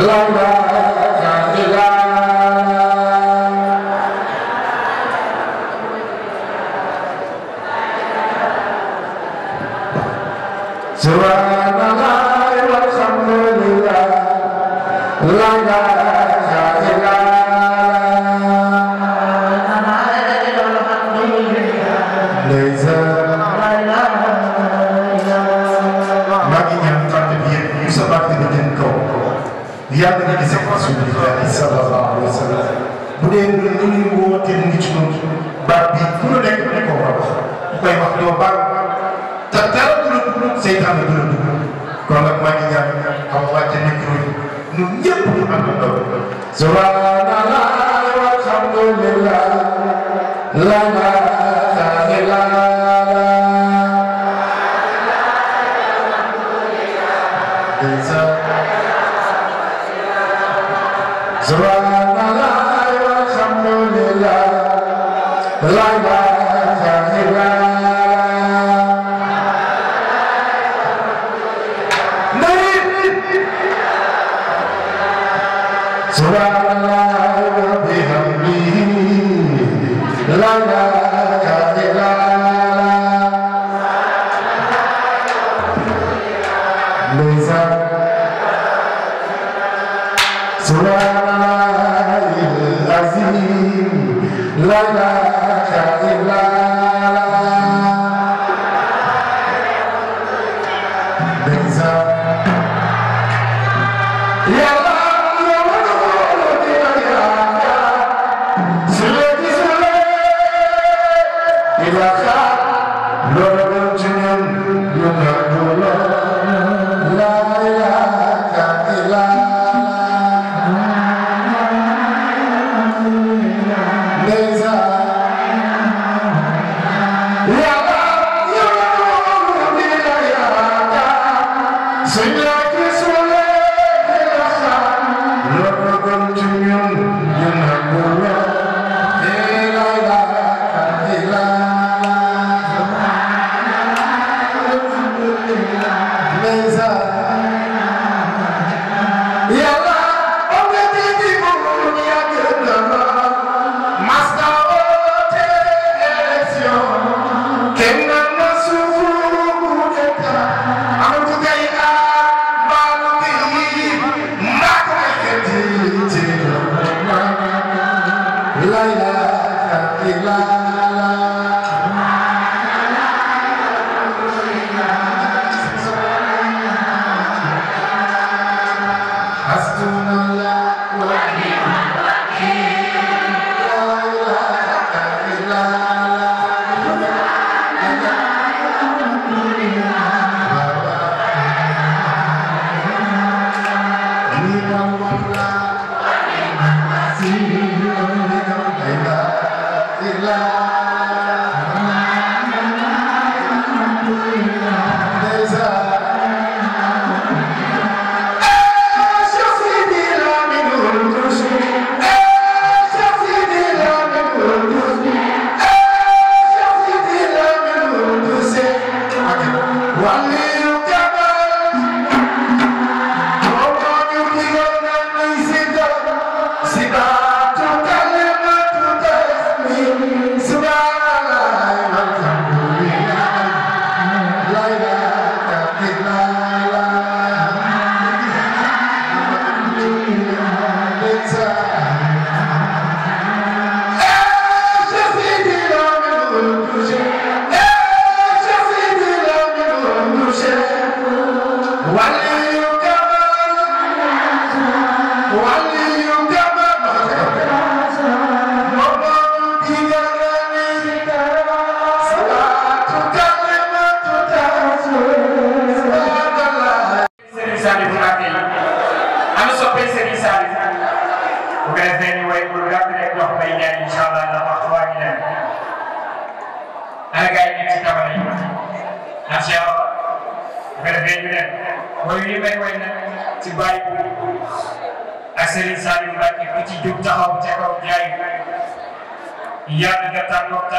la Zora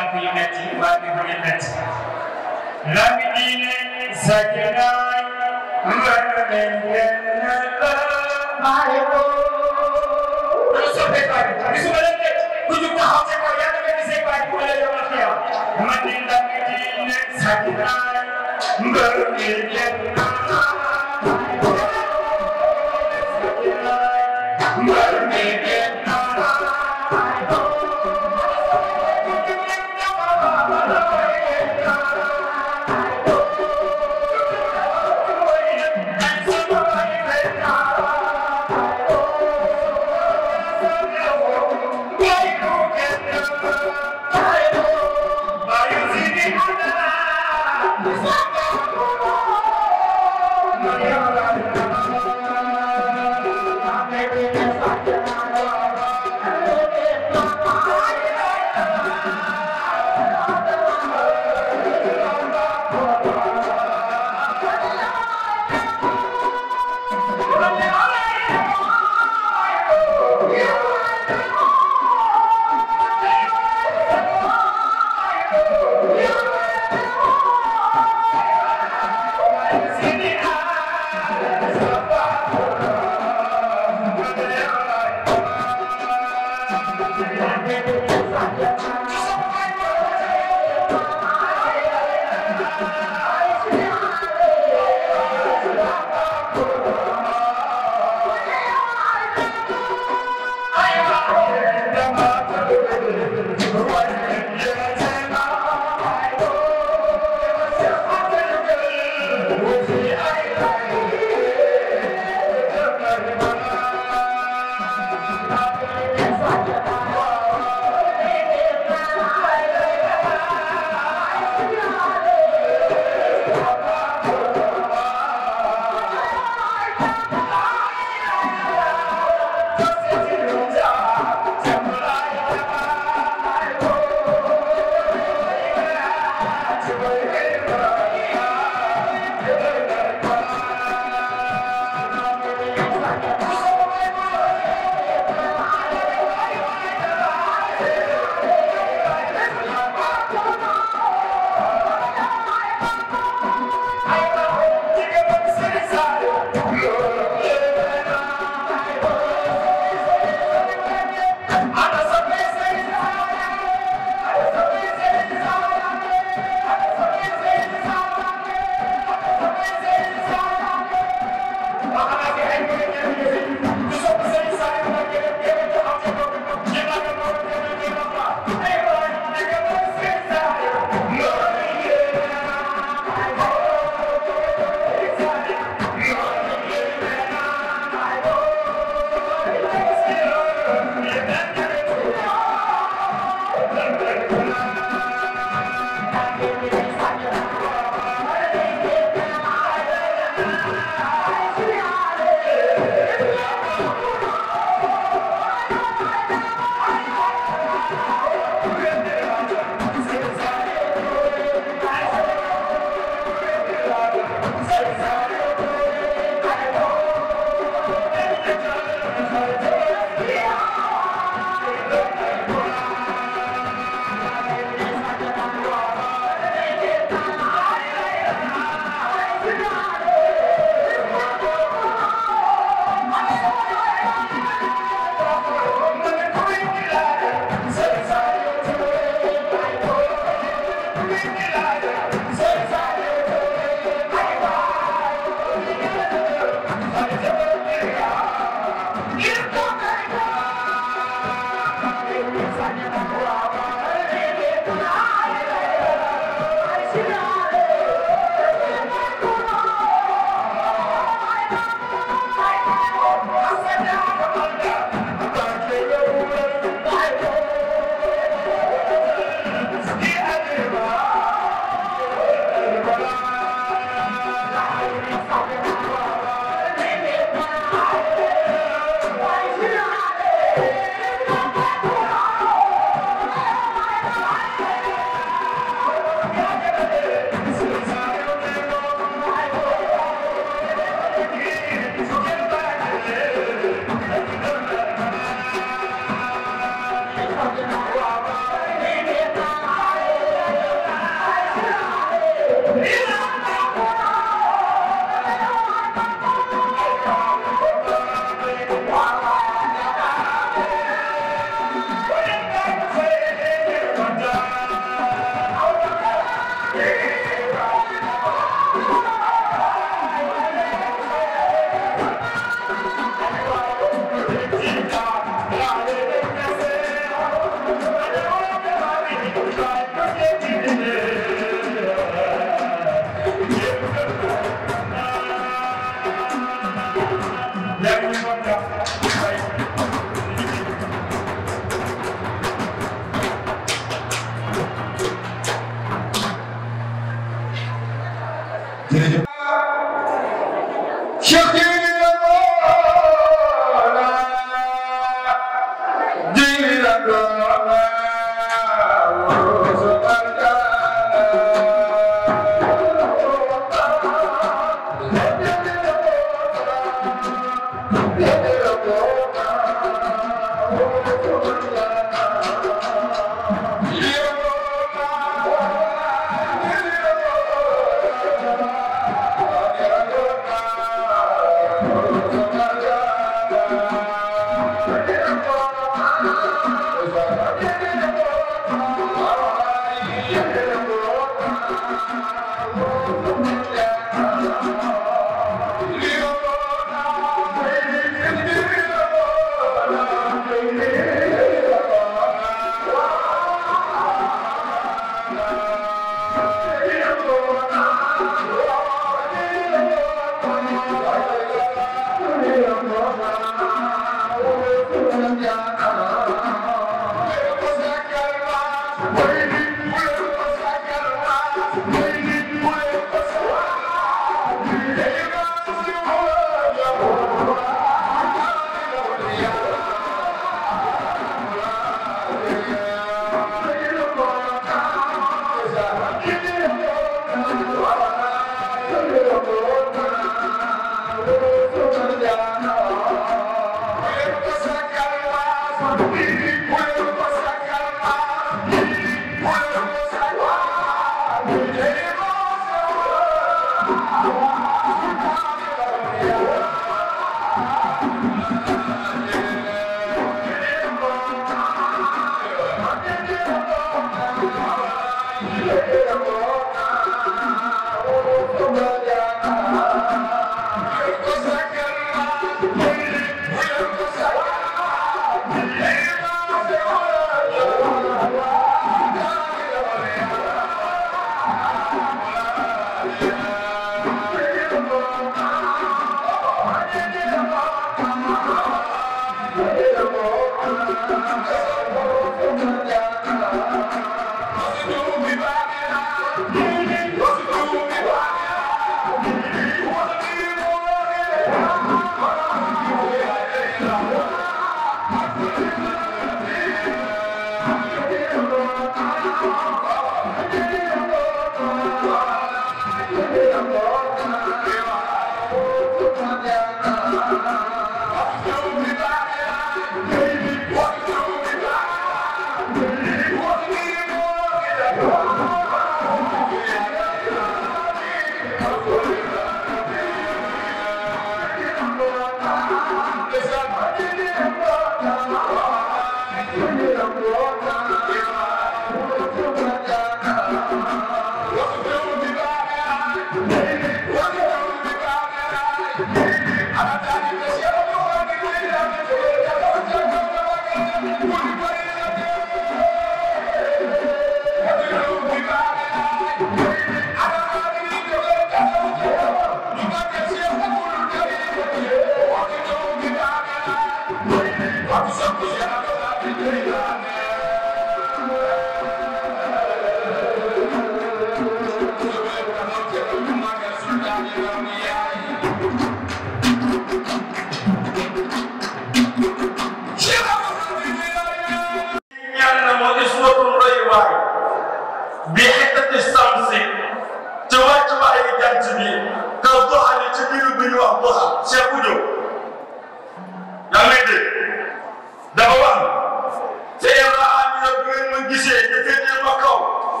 tànk yu metti mbaa déglu yu metti lan bi diine sa gànnaay mën na leen benn la maa ngi ko. loolu soppee baa bi bisuma leen de ku jub taxaw ca kaw yàlla nga gisee baa bi ku la yomal xiyam man di lan bi diine sa gànnaay mën na leen benn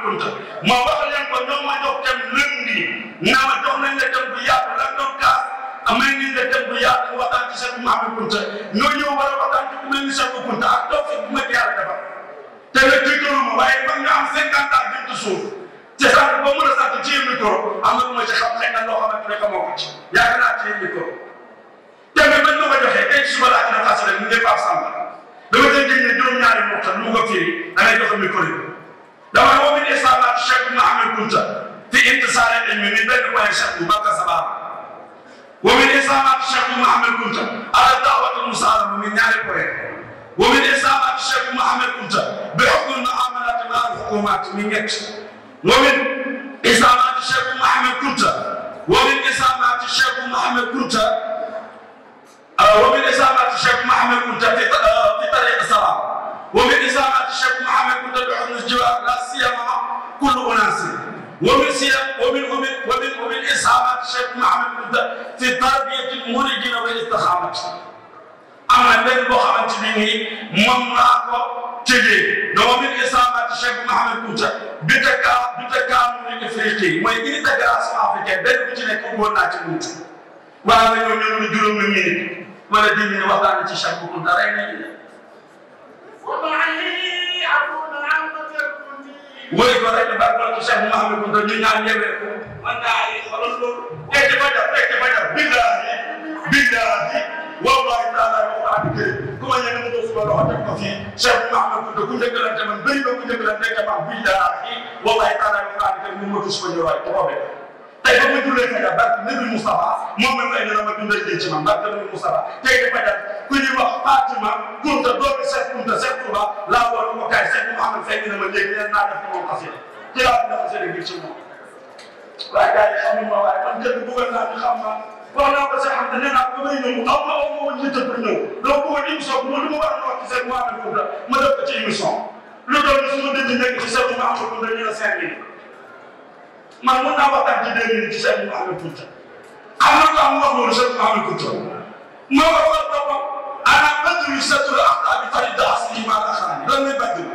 Kunta ma wax leen ko ñoom ma jox thème lundi naa ma jox nañ la thème bu yaatu la doon kaas amee nañ la thème bu yaatu waxtaan ci seen Maami Kunta ñoo ñëw a waxtaan ci a mel ni seen Kunta ak toog fi bu ma yàlla dafa te nag jiitalu ma waaye ba nga am cinquante ans jëm ci suuf te sant boo mën a sant ci micro am na lu ma ci xam xëy na loo xamante ne xamoo ko ci yaakaar naa ci micro te nga bañ ma ko joxee tey suba laa ci def assuré ñu ne Pape Samba dama cee génne juróom-ñaari moxtal mu ko firi da ngay dama ne moom it islaamaat Cheikh Mouhamed Kounta fi intisaar ilmi min benn point Cheikh bu Makka Sabaa wa min islaamaat Cheikh Mouhamed Kounta ala daawatul musaara min ñaari point wa min islaamaat Cheikh Mouhamed Kounta bi hukmi muamalat ma al hukumat min ñett wa min islaamaat Cheikh Mouhamed Kounta wa min islaamaat Cheikh Mouhamed Kounta ah, wa min islaamaat Cheikh Mouhamed Kounta fi ah, tariq salaam ومن إزامة الشيخ محمد بن تدعو الجوار لا سيما كل أناس ومن سيام ومن ومن ومن ومن إسهامات الشيخ محمد بن في تربية المولدين والاستخامة أما الذي بخا أنت مني من راكو تجي ومن إسهامات الشيخ محمد بن بتكا بتكا من الإفريقي ما يجري تكراس أفريقيا بل بتجي كوبون ناتي وأنا يوم يوم يوم يوم يوم يوم يوم يوم يوم يوم يوم يوم mooy ba rek ba ba ci Cheikh Mouhamed Kounta ñu ñaan ñebe man daa yi xoolal loolu tekki ba def tekki ba def billaahi billaahi wallaahi taala ko appliqué ku ma ñëw mu doon loxo teg ko fii Cheikh Mouhamed Kounta ku njëkkalante man bëri na ku njëkkalante nekk baax billaahi wallaahi taala ko appliqué mu ma tus ko ñëwaay ko tey ba muy jullee fajar barke nabi Moustapha moom même ay dana ma dundal jën ci man barke nabi Moustapha tey di fajar ku ñuy wax Fatima Kunta doomi Seex Kunta Seex Tuuba laa woon ko kaay Seex Muhammad fekk na ma léegi leen naa def moom xasida ci laa dina xasida gi ci moom waaye gars yi xamuñ ma waaye man kenn bëggoon naa ñu xam ma wax naa ko sax xam ne nee naa ko may ñëw aw ma aw ma woon njëkk pour ñëw donc bëggoon émission bi man li ma war a wax ci Seex Muhammad Kunta ma def ko ci émission lu doon su ma dindi nekk ci Seex Muhammad Kunta ñu la cinq minutes man mën naa waxtaan ci deux minutes ci Cheikh Mouhamed Kounta xam naa ko am wax loolu Cheikh Mouhamed Kounta moo ko war boppam ana badru satul aqtabi farida asli ma la xaani lan may badru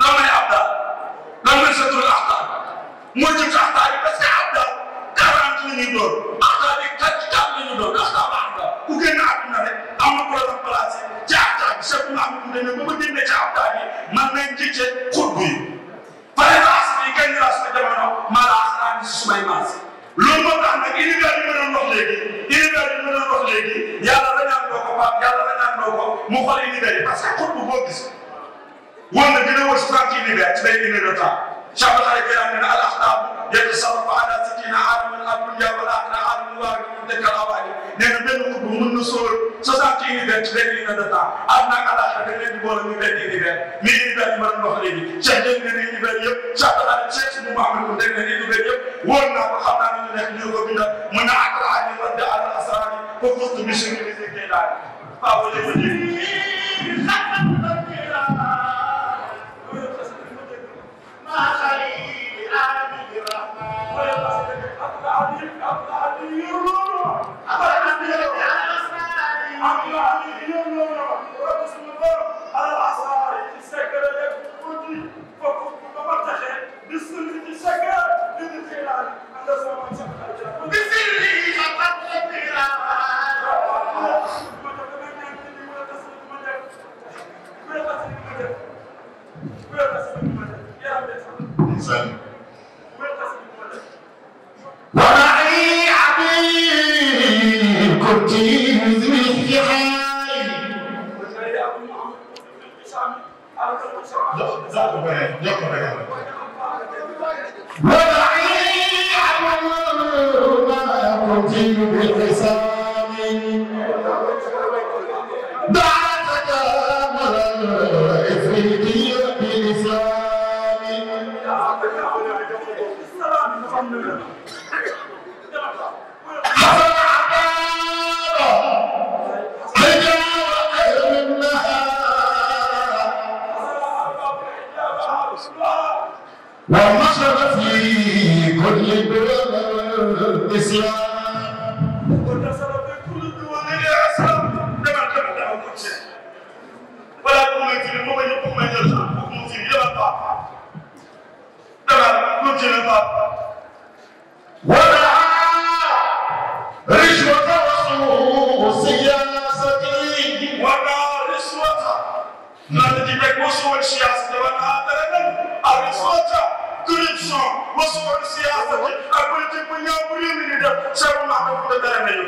lan may abda lan may satul aqtab moo jëm ci aqtab yi parce que abda quarante la ñuy door aqtab yi quatre quatre la ñuy door aqtab abda ku génn àdduna rek am na ku la remplacé ci aqtab bi Cheikh Mouhamed Kounta ne ba ma génne ci aqtab yi man nañ jëcce xutbu yi parrainage bi kañ la sama jamono maa la asaraan ci sumay maas moo tax nag univers bi ma doon wax léegi univers bi ma doon wax léegi la ñaan doo ko ko mu xool univers yi parce que xut bu boo gis woon dina wër si 30 univers ci day univers شعب الأرجاء من الأحزاب يتصرف على ستين عالما الأبرياء والأقنع عالم الواقع مبتكر أوائل نحن بين قدوم النصور سساتين بيت تبين ندتا أدنى على حد الذي بول من بيت نبيل من بيت من نخرج شهدين من نبيل يب شعب الأرجاء شخص ممعمل من دين نبيل يب ولنا بخطنا من نحن بنا من أقرأ عن الرد على الأسرار وفضل بشكل ذكي دار فأولي وجهي Gracias. ورعي عبيد كنتي مثل حالي ورعي عبيد كنتي بحساب دعي ومخرج في كل بلاد الإسلام Not that you make Muslim and Shias, they were not that. I was water. corruption mosuwoon siyaasa bi ak politique bu ñaaw bu réew mi di def Cheikh Oumar dafa ko dara nañu.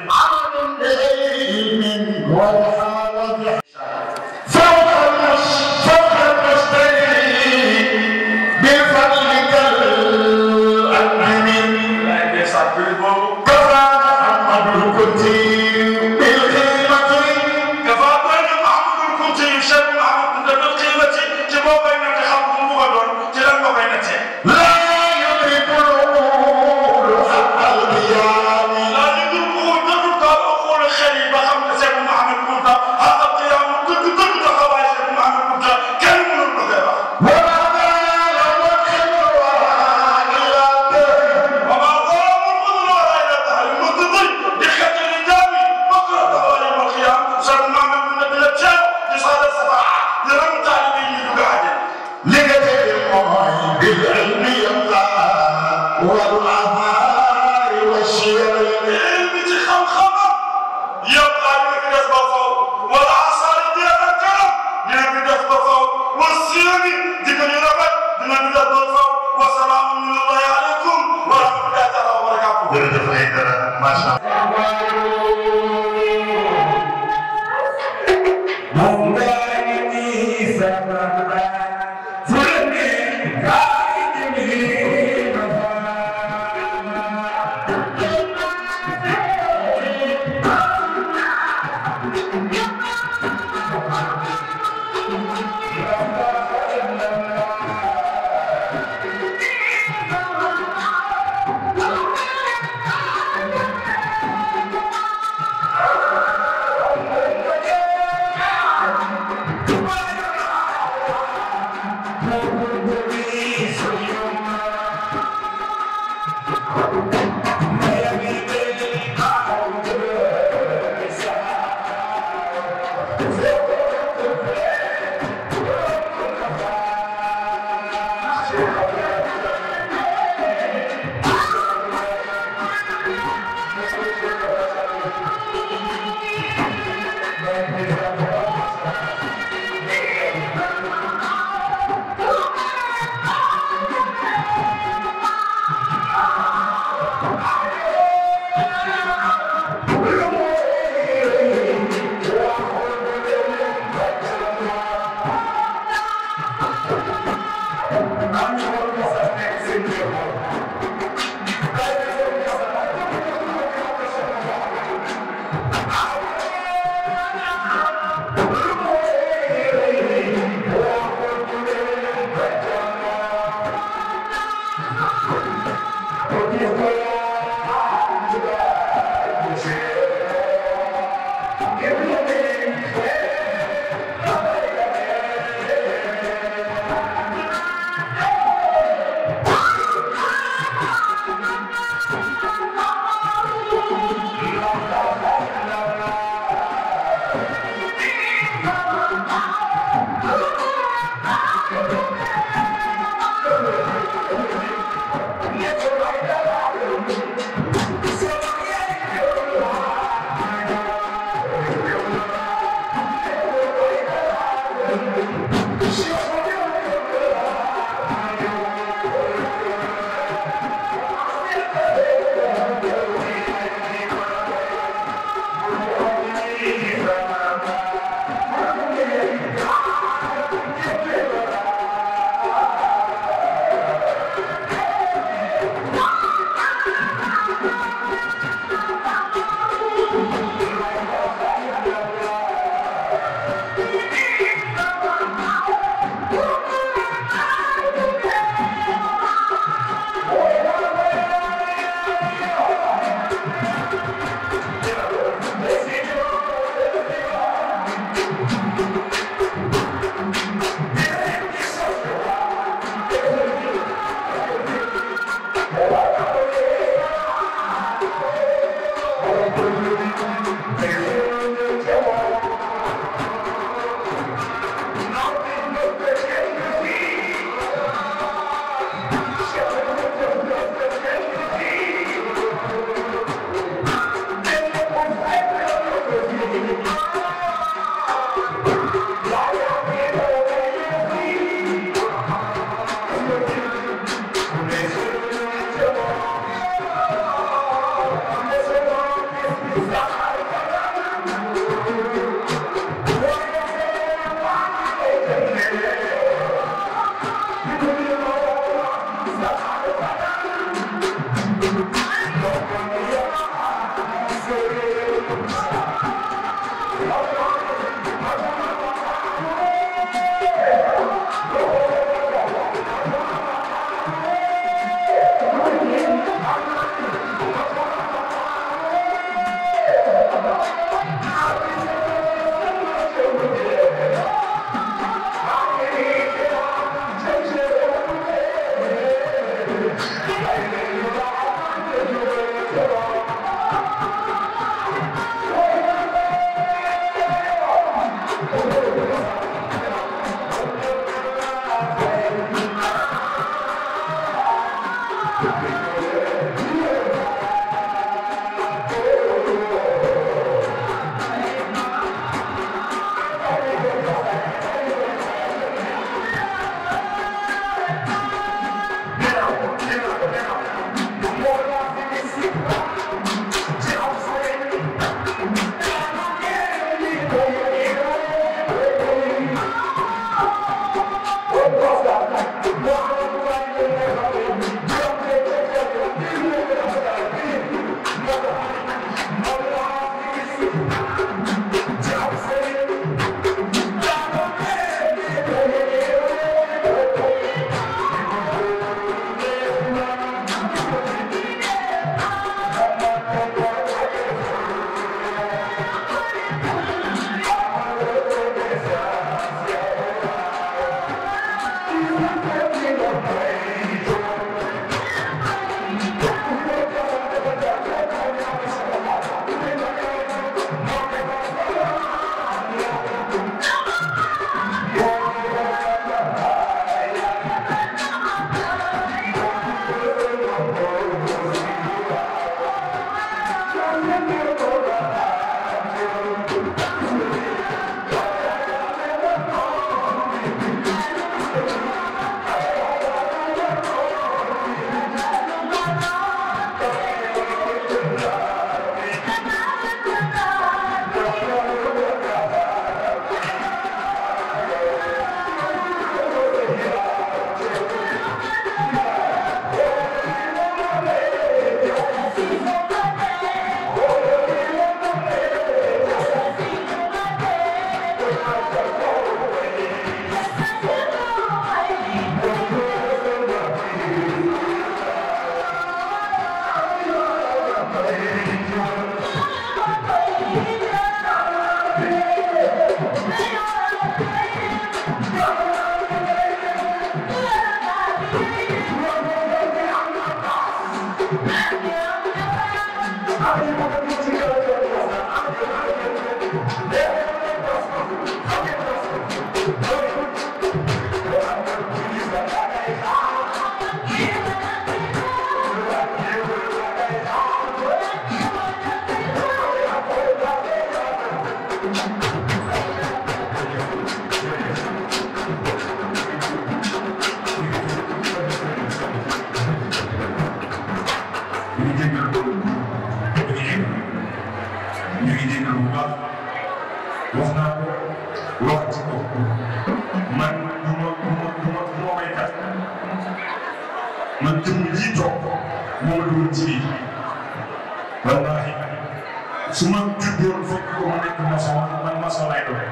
formation lay doon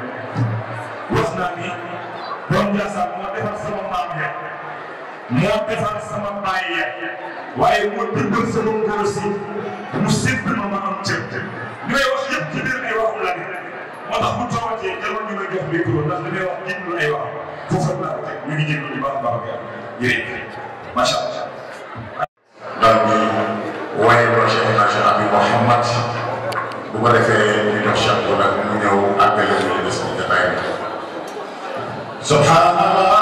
wax naa ni doom Ndiassane moo defar sama maam ya moo defar sama baay ya waaye moo dimbal sama ngóor si mu sédd ma ma am cër li may wax yëpp ci biir ay waxu la ni moo tax bu toogatee jarul ñu may jox micro ndax li may wax jiitu ay wax foofu laa ko teg ñu ngi jéem a baax a baax ak yàlla jërëjëf macha allah. daal di waaye projet national bi Mouhamad bu ko defee. incha allah mu ñëw àggale ñu des ñu jotaay bi subhanallah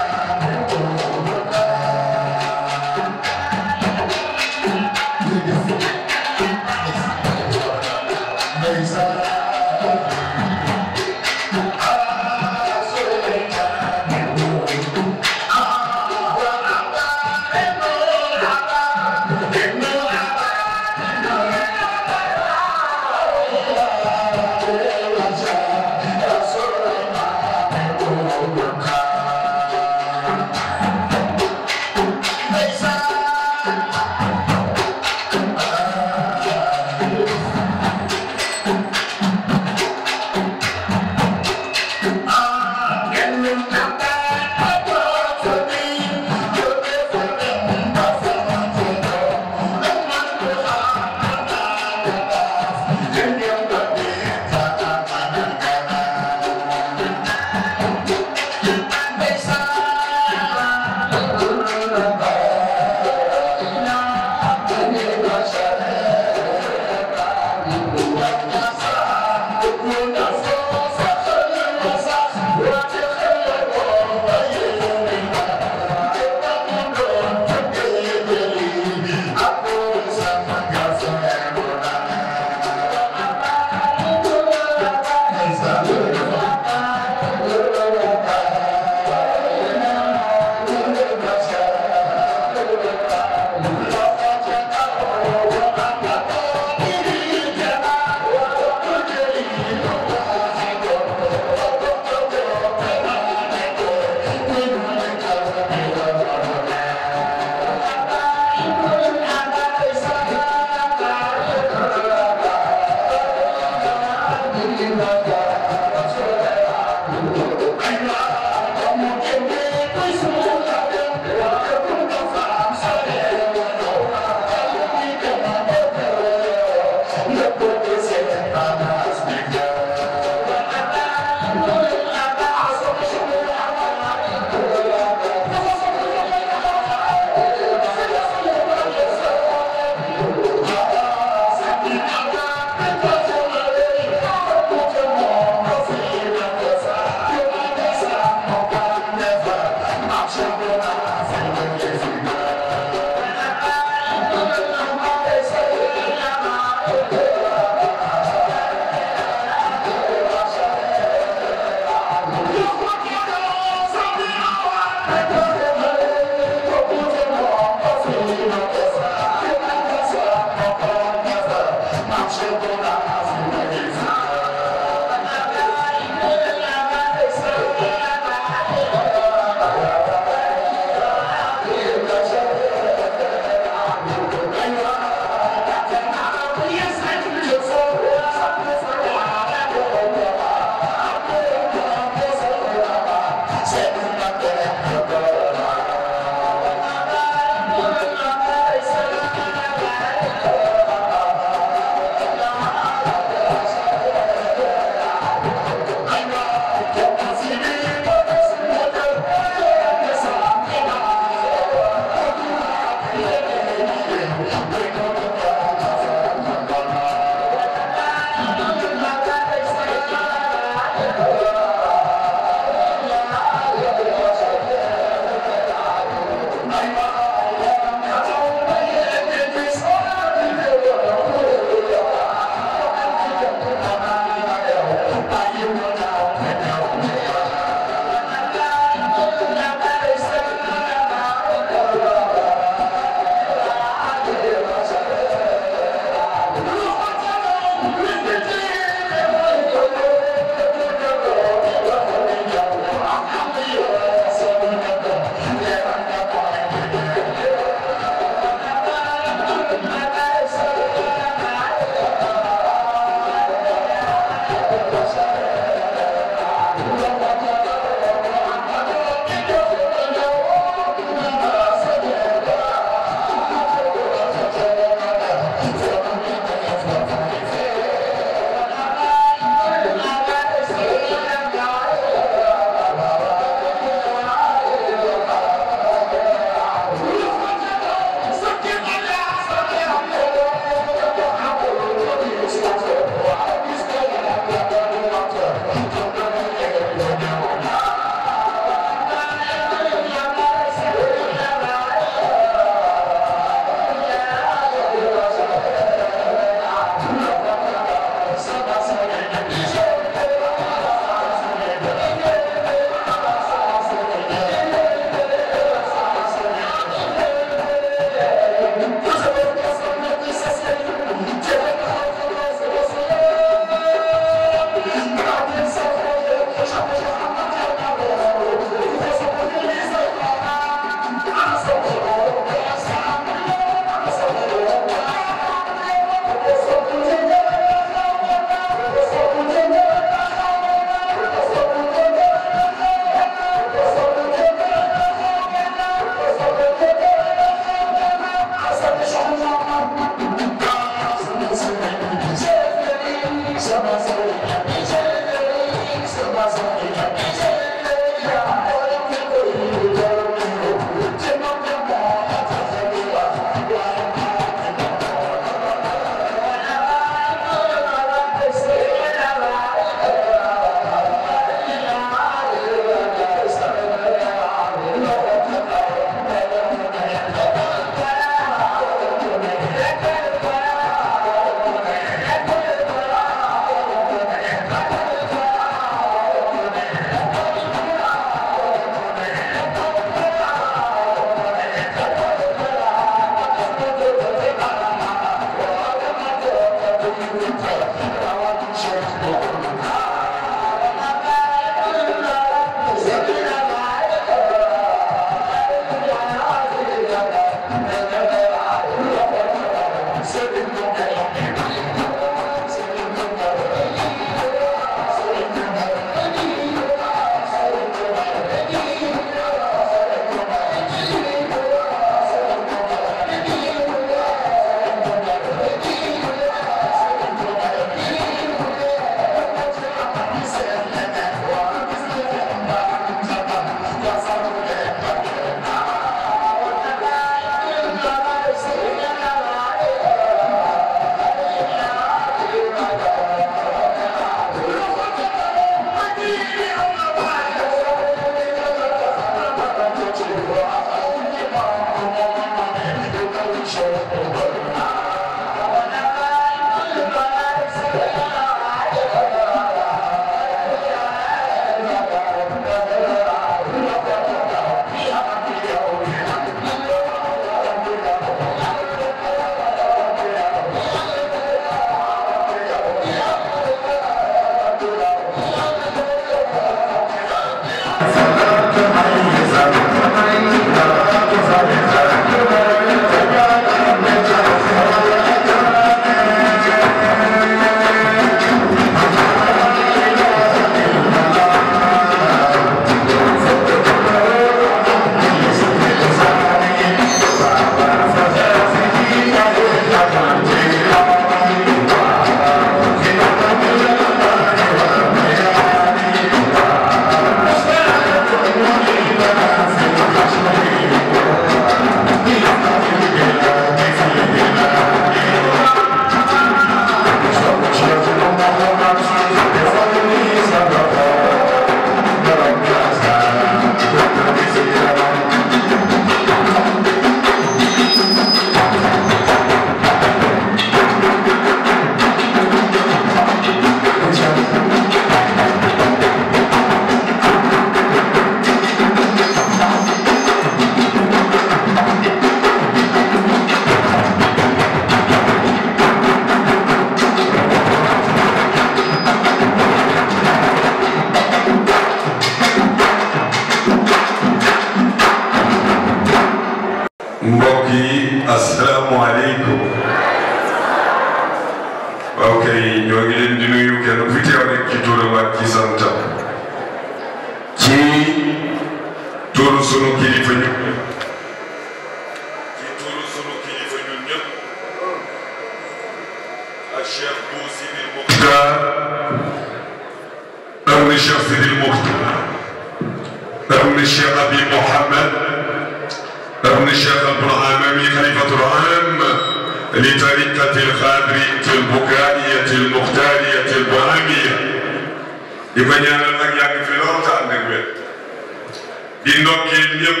di ndokkeel ñëpp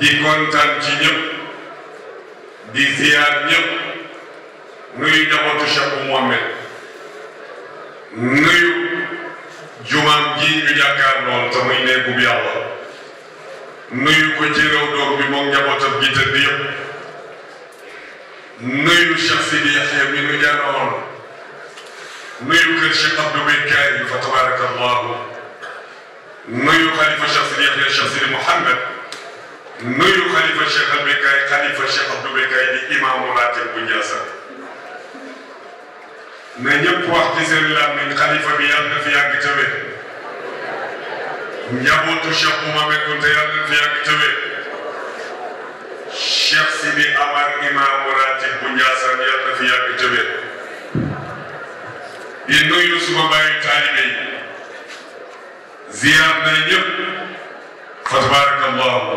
di kontaan ci ñëpp di ziyaar ñëpp nuyu njabootu Cheikh Mohamed nuyu jumaam ji ñu jàkkaar lool te muy neegu bi nuyu ko ci réew doog bi moom njabootam gi tëdd yëpp nuyu Cheikh Sidi Yaxya mi nu janoon nuyu kër Cheikh Abdou Bekkaay fa tabaraka nuyu xalifa Cheikh Sidi Yaxya Cheikh Sidi Mouhamed nuyu xalifa Cheikh Al Bekkaay xalifa Cheikh Abdou Bekkaay di imaamu raatib bu Njaasaan na ñëpp wax ci seen làmmiñ xalifa bi yàlla na fi yàgg tëwe njabootu Cheikh Oumar Kounta yàlla na fi yàgg tëwe Cheikh Sidi Amar imaamu raatib bu Njaasaan yàlla na fi yàgg tëwe di nuyu suma bàyyi taalibe yi ziyaar na ñëpp fa tabaraka allahu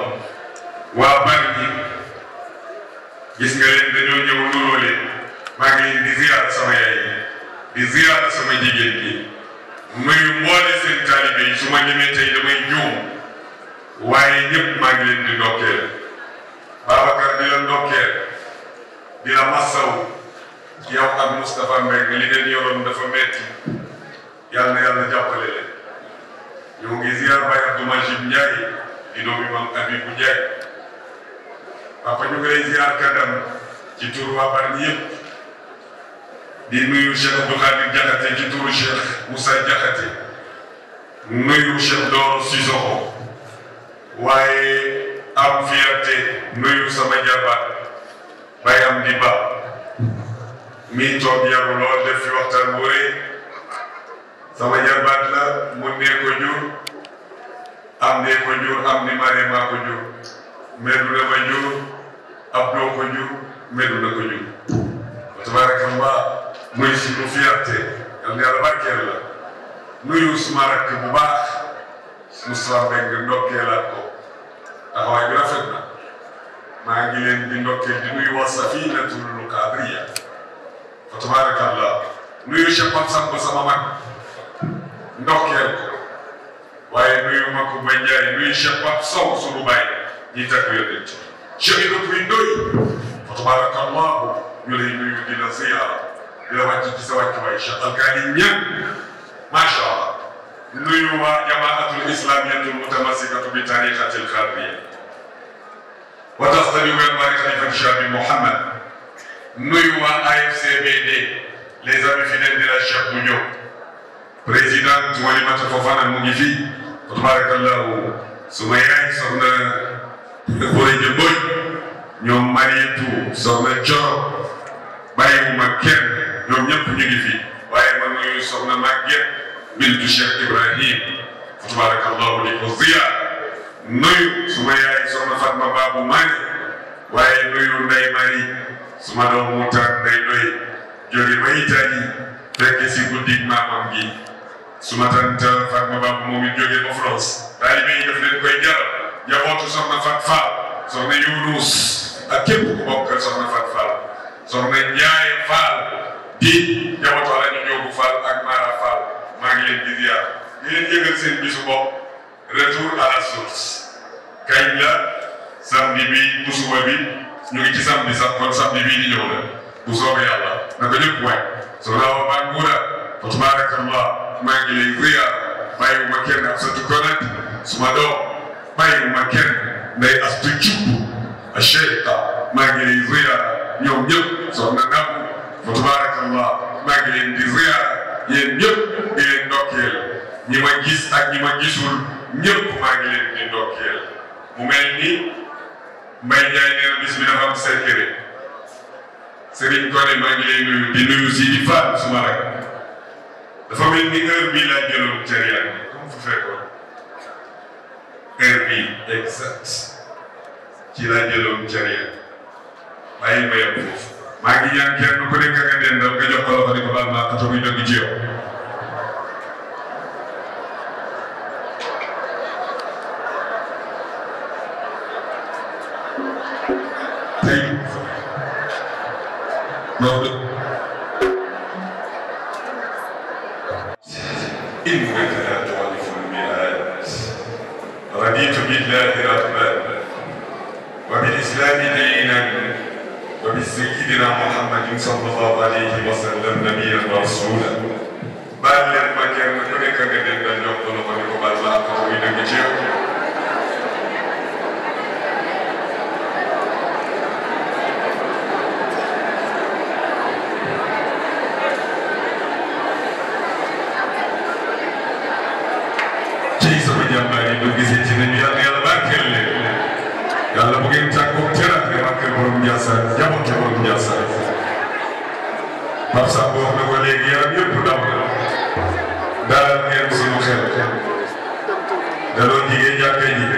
waa bari gi gis nga leen dañoo ñëw nuroo leen maa ngi leen di ziyaar sama yaay di ziyaar sama jigéen gi nuyu mboole seen taalibe yi su ma ñemee tey damay ñëw waaye ñëpp maa ngi leen di ndokkeel Babacar di la ndokkeel di la massaw yow ak Moustapha Mbengue li ngeen yoroon dafa metti yàlla na yàlla jàppale leen ñoo ngi ziar Baye Abdou Majid Ndiaye di doomi Maam Abibou Ndiaye papa ñu ngi lay ziar kàddam ci turu waa Bargny yëpp di nuyu Cheikh Abdou Khadir Diakhaté ci turu Cheikh Moussa Diakhaté nuyu Cheikh Doro Sissoko waaye am fierté nuyu sama jabar Baye Amdi Ba mi toog yaru lool def fi waxtaan bu sama jarbaat la mun nee ko jur am nee ko jur am ni mare maa ko jur Meduna ma jur Abdou ko jur Meduna ko jur tabarakallah muy sunu fierté yal na yàlla barkeel la nuyu suma rakk bu baax Moustapha Mbengue ndokkeelaat ko taxawaay bi rafet na maa ngi leen di ndokkeel di nuyu waa Safinatul Qadriya fa tabarakallah nuyu Cheikh Pape Samba sama mag ndokkeel ko waaye nuyu Makou Mbaye nuyu Cheikh Pape Sow suñu baay ñi takk yonent Cheikh Ibrahima Ndoy fa tabarakallahu ñu lay nuyu di la ziyaara di la wàcc ci sa wàccuwaay Cheikh Alkaani ñëpp macha allah nuyu waa jamaatul islamiyatul mutamassikatu bi tariqatil qadiriyya wa taxtami wel mari xalifat Chabi Mouhamad nuyu waa AFCBD les amis fidèles de la Cheikh bu ñëw présidente Oulimata Fofana mu ngi fi ma suma yaay soxna Bore Ndioboj ñoom Marietou soxna Thioro bàyyiwuma kenn ñoom ñëpp ñu ngi fi waaye man ñuy soxna Maguette bintu Cheikh Ibrahim tabarakallahu di ko ziyaar nuyu suma yaay soxna Fatma Babou Mane waaye nuyu Ndeye Marie suma doom mu taat day doy jóge ba Italie fekk si guddi maamam gi suma tante Fatma Bamba moom it jógee ba France taalibe yi daf leen koy jaral njabootu soxna Fat Fall soxna Yunus ak képp ku bokkal soxna Fat Fall soxna Ndiaye Fall di njabootu Alaaji Njoogu ak Mara Fall maa ngi leen di ziar di leen bisu bopp retour à la source kañ la samedi bi bu suba bi ñu ngi ci samedi kon samedi bii di ñëw la bu soobee yàlla na ko ñëpp waay soxna Awa Ba Nguura wa tabaarakallah maa ngi lay wuyaar bàyyiwuma kenn ak sa tukkoonat suma doom bàyyiwuma kenn nday astu cubb a cheikha maa ngi lay wuyaar ñoom ñëpp soxna nam fa tabarakallah maa ngi leen di wuyaar yéen ñëpp di leen ndokkeel ñi ma gis ak ñi ma gisul ñëpp maa ngi leen di ndokkeel mu mel ni mbay jaay nee na bis bi dafa am secret Serigne Koné maa ngi lay nuyu di nuyu si di faat suma rek dafa mel ni heure bii laa jëloon cër yaa ngi fa fekkoon heure bii exact ci laa jëloon cër yaa bàyyi ma yem foofu maa ngi ñaan kenn ku nekk nga dendal nga jox ko loxo di ko baal maa ko toog ñu dëgg ci yow tey loolu بالله ربا وبالإسلام دينا وبسيدنا محمد صلى الله عليه وسلم نبيا ورسولا بل لما كان كنك من الجنة لقد قبل الله وإنك جئت jëmale Ndiassane Pape Samb wax na ko léegi yaram yëpp daw na dalal ngeen suñu xel da doon jigéen jàkkee ji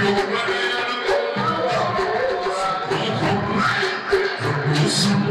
Thank you.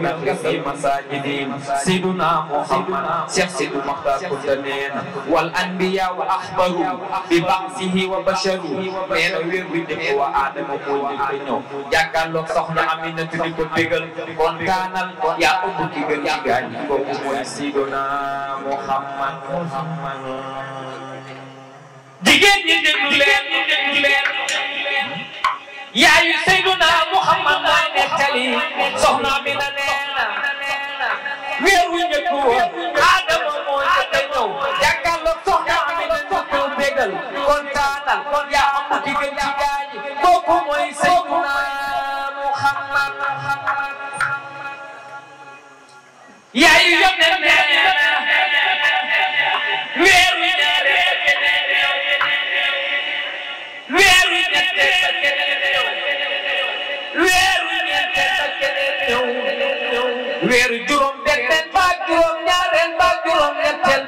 للمغرب مساجد سيدنا محمد شيخ سيد مختار كنتنين والأنبياء والأخبار ببعثه وبشر مين وير ويدك وآدم وقول لنيو jàkkaarloog soxna Aminatu di ko bégal kon kaanal yaa ëpp ki gën ci gaañ kooku mooy Sidona Muhammad Muhammad jigéen ñi déglu leen déglu leen yaayu Seyduna Muhammad mooy nettali soxna mi na neena weeru njëkk woon Adama moo njëkk a ñëw jàkkaarloo soxna mi na ñu ko bégal kontaanal kon yaa amu digal ci gaañi kooku mooy Seyduna Muhammad yaayu yónnee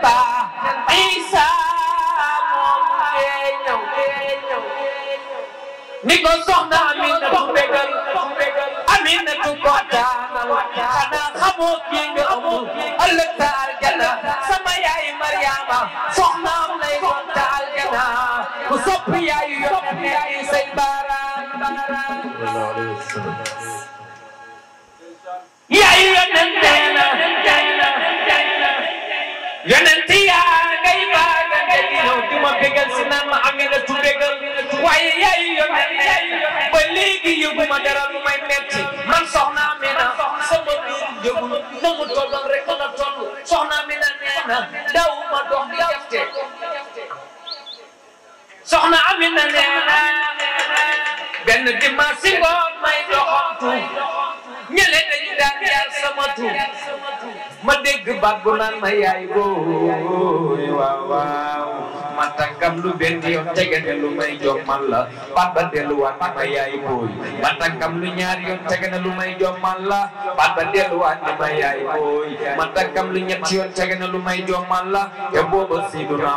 baax Isa moom dee ñëw ni ko soxna Amina tu bégal Amina tu kontaanal xanaa xamoo kii nga amul ëllëg sa aljana sama yaay Mariama soxnaam lay doon ta aljana mu sopp yaayu yóbbu say baaraam yaayu yónneen nee na yonent yaa ngay baaga ngay ñëw di ma bégal si naan ma amee la tu bégal waaye yaay yonent ba léegi yëgu ma dara lu may metti man soxna Amina sama biir yëgul na mu tolloon rek la toll soxna Amina nee na daw ma dox di jafte soxna Amina nee na benn dimanche si ngoon may doxantu ñële dañu daan jaar sama ma dégg baat bu naan ma yaay booy waaw ma tànkam lu benn yoon tegane lu may jommal la baat ba delluwaat ni ma lu ñaari yoon tegane lu may jommal la baat ba delluwaat ni ma yaay lu ñetti yoon tegane lu may jommal la te booba Seydina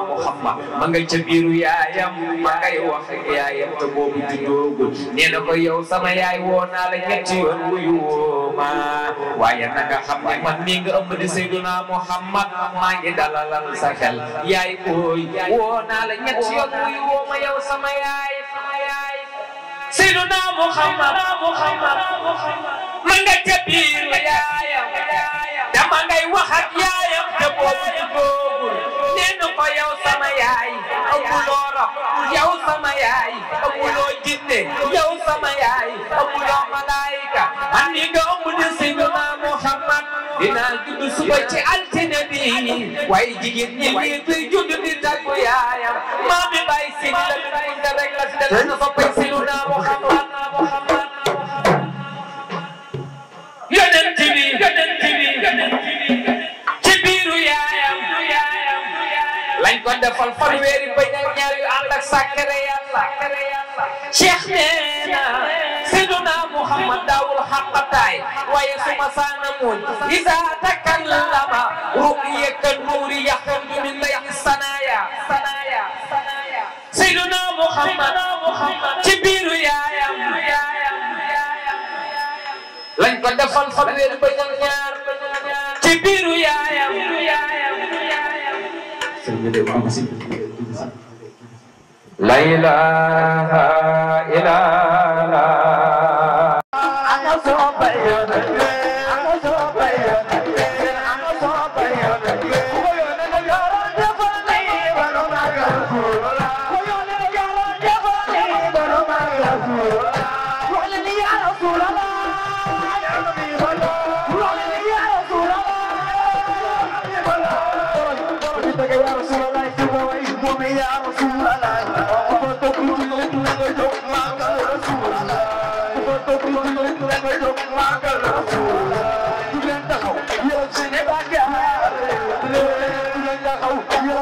nga ca biiru yaayam ma ngay wax ak yaayam te boobu juddoogul nee ko yow sama yaay woo naa la ñetti yoon wuyu woo ma waaye na nga xam ne mii nga ëmb di Seydina Muhammad maa ngi dalalal sa xel yaay booy woo woo naa ma yow sama yaay sama yaay Muhammad Muhammad nga ca dama ngay wax yaayam te boobu góobul nee na ko yow sama yaay amuloo rab yow sama yaay amuloo jinne yow sama yaay amuloo malaayika man ni nga ëmb di si dinaa judd suba ci altine bi waaye jigéen ñi lii fi judd di tàggu yaayam maa mi bàyyi si ni la mi kunta rek la si dal na fa pay si lu naa mu xam naa mu xam yonent bi yonent bi ci biiru yaayam lañ ko defal fanweeri bañ ak ñaar yu ànd ak sàkkere yàlla cheikh nee na siduna muhammad daawul xaqataay waaye suma saana muñ isa takallama ruyaka nuuri yaxruju min bayni sanaya sanaya siduna muhammad ci biiru yaayam lañ ko defal fanweer ba ñaar ci biiru yaayam لا إله إلا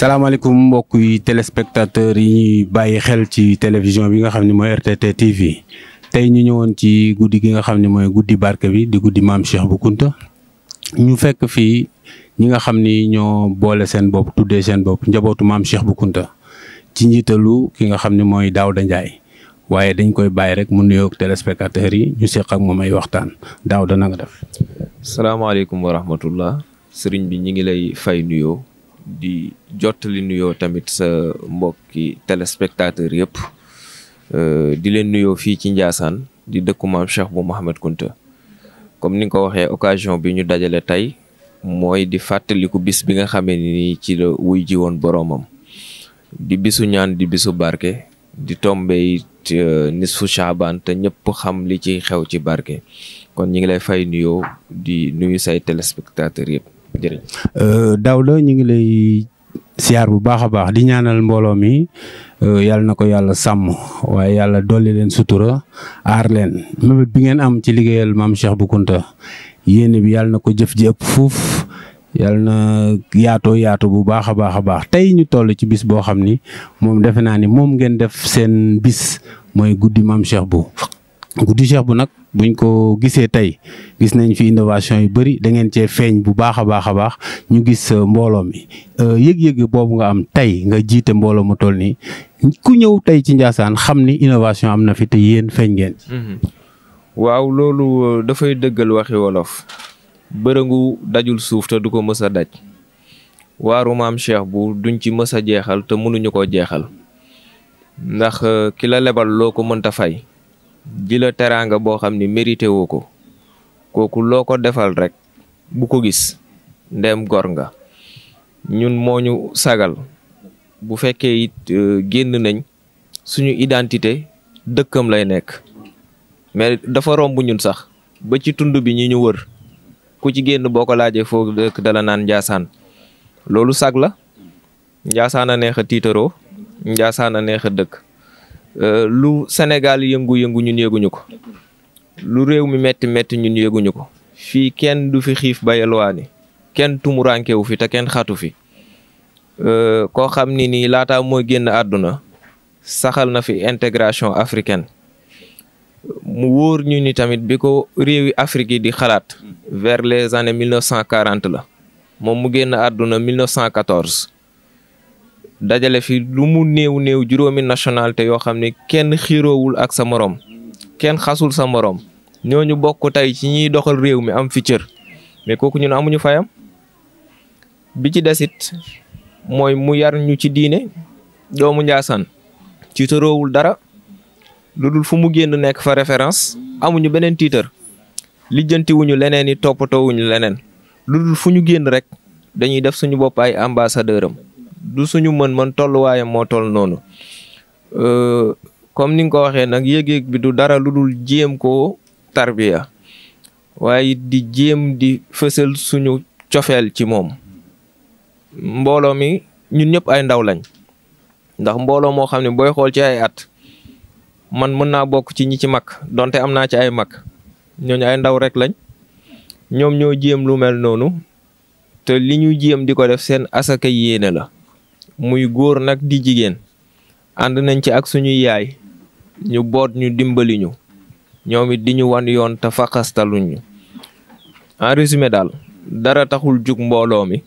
salaamaaleykum mbokk yi téléspectateurs yi ñuy bàyyi xel ci télévision bi nga xam ne mooy RTT TV tey ñu ñëwoon ci guddi gi nga xam ne mooy guddi bark bi di guddi maam Cheikh Bou Kounta ñu fekk fii ñi nga xam ni ñoo boole seen bopp tuddee seen bopp njabootu maam Cheikh Bou Kounta ci njiitalu ki nga xam ne mooy daaw da Ndiaye waaye dañ koy bàyyi rek mu nuyoog téléspectateurs yi ñu seq ak moom ay waxtaan daaw na nga def. salaamaaleykum wa rahmatullah sëriñ bi ñi ngi lay fay nuyoo. di jottali nuyoo tamit sa mbokki téléspectateur yëpp euh, di leen nuyoo fii ci Ndiassane di dëkku maam Cheikh bu Mouhamed Kunta comme ni nga ko waxee occasion bi ñu dajale tey mooy di fàttaliku bis bi nga xamee ni ci la wuy ji woon boroomam di bisu ñaan di bisu barke di tombe it euh, nisfu Shaaban te ñëpp xam li ci xew ci barke kon ñi ngi lay fay nuyoo di nuyu say téléspectateur yëpp Euh, daw Daouda ñu ngi lay siyaar bu baax a baax di ñaanal mbooloo mi euh, yàlla na ko yàlla sàmm waaye yàlla dolli leen sutura aar leen mébét bi ngeen am ci liggéeyal maam Cheikh bu Kounta yéene bi yàlla na ko jëf ji ëpp fuuf yàlla na yaatoo yaatu bu baax a baax a baax tey ñu toll ci bis boo xam ni moom defe naa ni moom ngeen def seen bis mooy guddi maam Cheikh bu guddi cheikh bu nag buñ ko gisee tey gis nañ fi innovation yu bari dangeen cee feeñ bu baax a baax a baax ñu gis euh, mbooloo mi euh, yëg-yëg boobu nga am tey nga jiite mbooloo mu toll nii ku ñëw tey ci njaasaan xam ni innovation am na fi te yéen feeñ ngeen. Mm-hmm. waaw loolu euh, dafay dëggal waxi wolof bërëngu dajul suuf te du ko mës a daj waaru maam cheikh bu duñ ci mës a jeexal te mënuñu ko jeexal ndax ki la lebal loo ko mënta fay. ji la teraanga boo xam ni mérité woo ko kooku loo ko defal rek bu ko gis ndem gor nga ñun moo ñu sagal bu fekkee it euh, génn nañ suñu identité dëkkam lay nekk mais dafa romb ñun sax ba ci tund bi ñi ñu wër ku ci génn boo ko laajee foo dëkk dala naan njaasaan loolu sag la njaasaan a neex a tiitaroo njaasaan a neex a dëkk Euh, lu Sénégal yëngu-yëngu ñun yëguñu ko lu réew mi metti métti ñun yëguñu ko fii kenn du fi xiif ba yalwaani kenn tumuraankewu fi te kenn xatu fi euh, koo xam ni nii laataa mooy génn àdduna saxal na fi intégration africaine mu wóor ñu ni tamit bi ko réewi Afrique yi di xalaat vers les années 1940 la moom mu génn àdduna 1914 dajale fi lu mu néew néew juróomi nationalité yoo xam ne kenn xiiroowul ak sa moroom kenn xasul sa moroom ñooñu bokk tey ci ñuy doxal réew mi am fi cër mais kooku ñun amuñu fayam bi ci desit mooy mu yar ñu ci diine doomu Njaasaan ci tëroowul dara lu dul fu mu génn nekk fa référence amuñu beneen tiitar lijjantiwuñu leneen yi toppatoowuñu leneen lu dul fu ñu génn rek dañuy def suñu bopp ay ambassadeur am du suñu mën-mën tolluwaayam moo toll noonu euh, comme ni nga ko waxee nag yëg-yëg bi du dara lu dul jéem koo tarbiya waaye di jéem di fësal suñu cofeel ci moom mbooloo mi ñun ñëpp ay ndaw lañ ndax mbooloo moo xam ne booy xool ci ay at man mën naa bokk ci ñi ci mag donte am naa ci ay mag ñooñ ay ndaw rek lañ ñoom ñoo jéem lu mel noonu te li ñu jéem di ko def seen asaka yéene la muy góor nag di jigéen ànd nañ ci ak suñu yaay ñu boot ñu dimbali ñu ñoom it di ñu wan yoon te faqastaluñ en résumé daal dara taxul jug mbooloo mi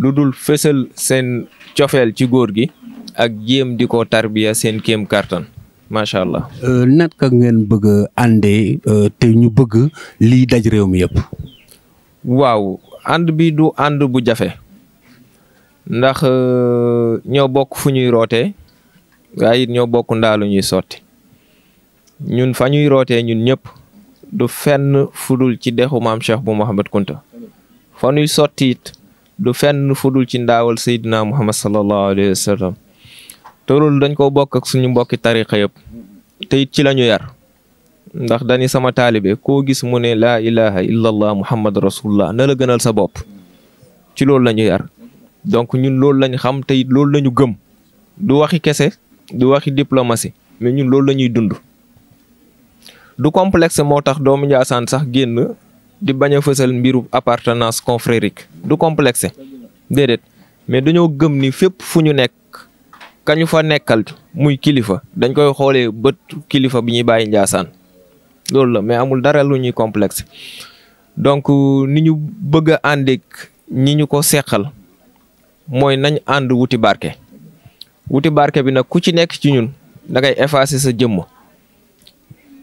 lu dul fësal seen cofeel ci góor gi ak jéem di ko tarbiya seen kéem kartan macha allah. Euh, naka ngeen bëgg a àndee euh, te ñu bëgg liy daj réew mi yëpp. waaw ànd bi du ànd bu jafe. ndax euh, ñoo bokk fu ñuy rootee waaye it ñoo bokk ndaalu ñuy sotti ñun fa ñuy rootee ñun ñëpp du fenn fudul ci dexu maam Cheikh bu Mouhamad Kunta fa ñuy sotti it du fenn fudul ci ndaawal Seydina Muhammad sallallahu alayhi wa sallam te loolu dañ koo bokk ak suñu mbokki tariqa yëpp te it ci lañu yar ndax dañi sama taalibe koo gis mu ne laa ilaha illallah muhammad rasulullah na la gënal sa bopp ci loolu lañu yar donc ñun loolu lañu xam tey loolu la ñu gëm du waxi kese du waxi diplomatie mais ñun loolu la ñuy dund. du complexe moo tax doomu Njaasaan sax génn di bañ a fësal mbiru appartenance confrérique du complexe déedéet mais dañoo gëm ni fépp fu ñu nekk kañu fa nekkal muy kilifa dañ koy xoolee bët kilifa bi ñuy bàyyi Njaasaan loolu la mais amul dara lu ñuy complexe donc euh, ni ñu bëgg a àndeek ñi ñu ko seqal mooy nañ ànd wuti barke wuti barke bi nag ku ci nekk ci ñun da ngay effacer sa jëmm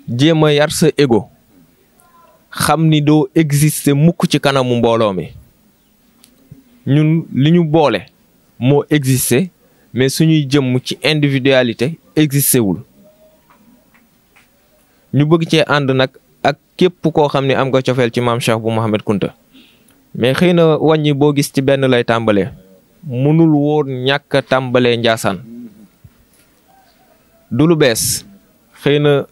jéem a yar sa ego xam ni doo exister mukk ci kanamu mbooloo mi ñun li ñu boole moo exister mais suñuy jëmm ci individualité exister wul ñu bëgg cee ànd nag ak képp koo xam ne am nga cofeel ci maam Cheikh bu Mouhamed Kunta mais xëy na wàññi boo gis ci benn lay tàmbalee. mënul woon ñàkk tàmbalee Njaasaan du lu bees xëy na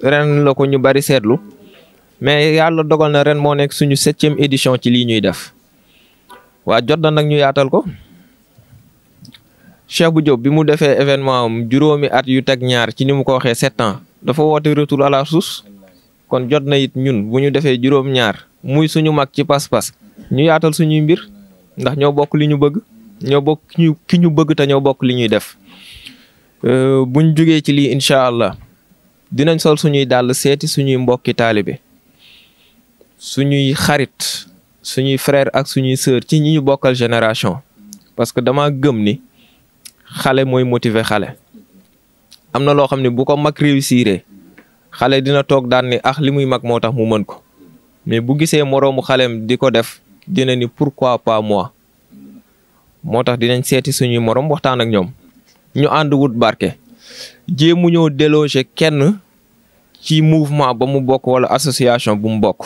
ren la ko ñu bari seetlu mais yàlla dogal na ren moo nekk suñu septième édition ci lii ñuy def waa jot na nag ñu yaatal ko Cheikh Bou Diop bi mu defee événement am juróomi at yu teg ñaar ci ni mu ko waxee sept ans dafa woote retour à kon jot na it ñun bu ñu defee juróom ñaar muy suñu mag ci pas-pas ñu yaatal suñuy mbir ndax ñoo bokk li ñu bëgg ñoo bokk ñu ki ñu bëgg te ñoo bokk li ñuy def euh, buñ jugee ci lii incha allah dinañ sol suñuy dàll seeti suñuy mbokki taalibe suñuy xarit suñuy frère ak suñuy sœur ci ñu bokkal génération parce que dama gëm ni xale mooy motive xale am na loo xam ne bu ko mag réussir xale dina toog daal ni ax ah, li muy mag moo tax mu mën ko mais bu gisee moroomu xaleem di ko def dina ni pourquoi pas moi moo tax dinañ seeti suñuy morom waxtaan ak ñoom ñu ànd wut barke jéemu ñëw déloger kenn ci mouvement ba mu bokk wala association bu mu bokk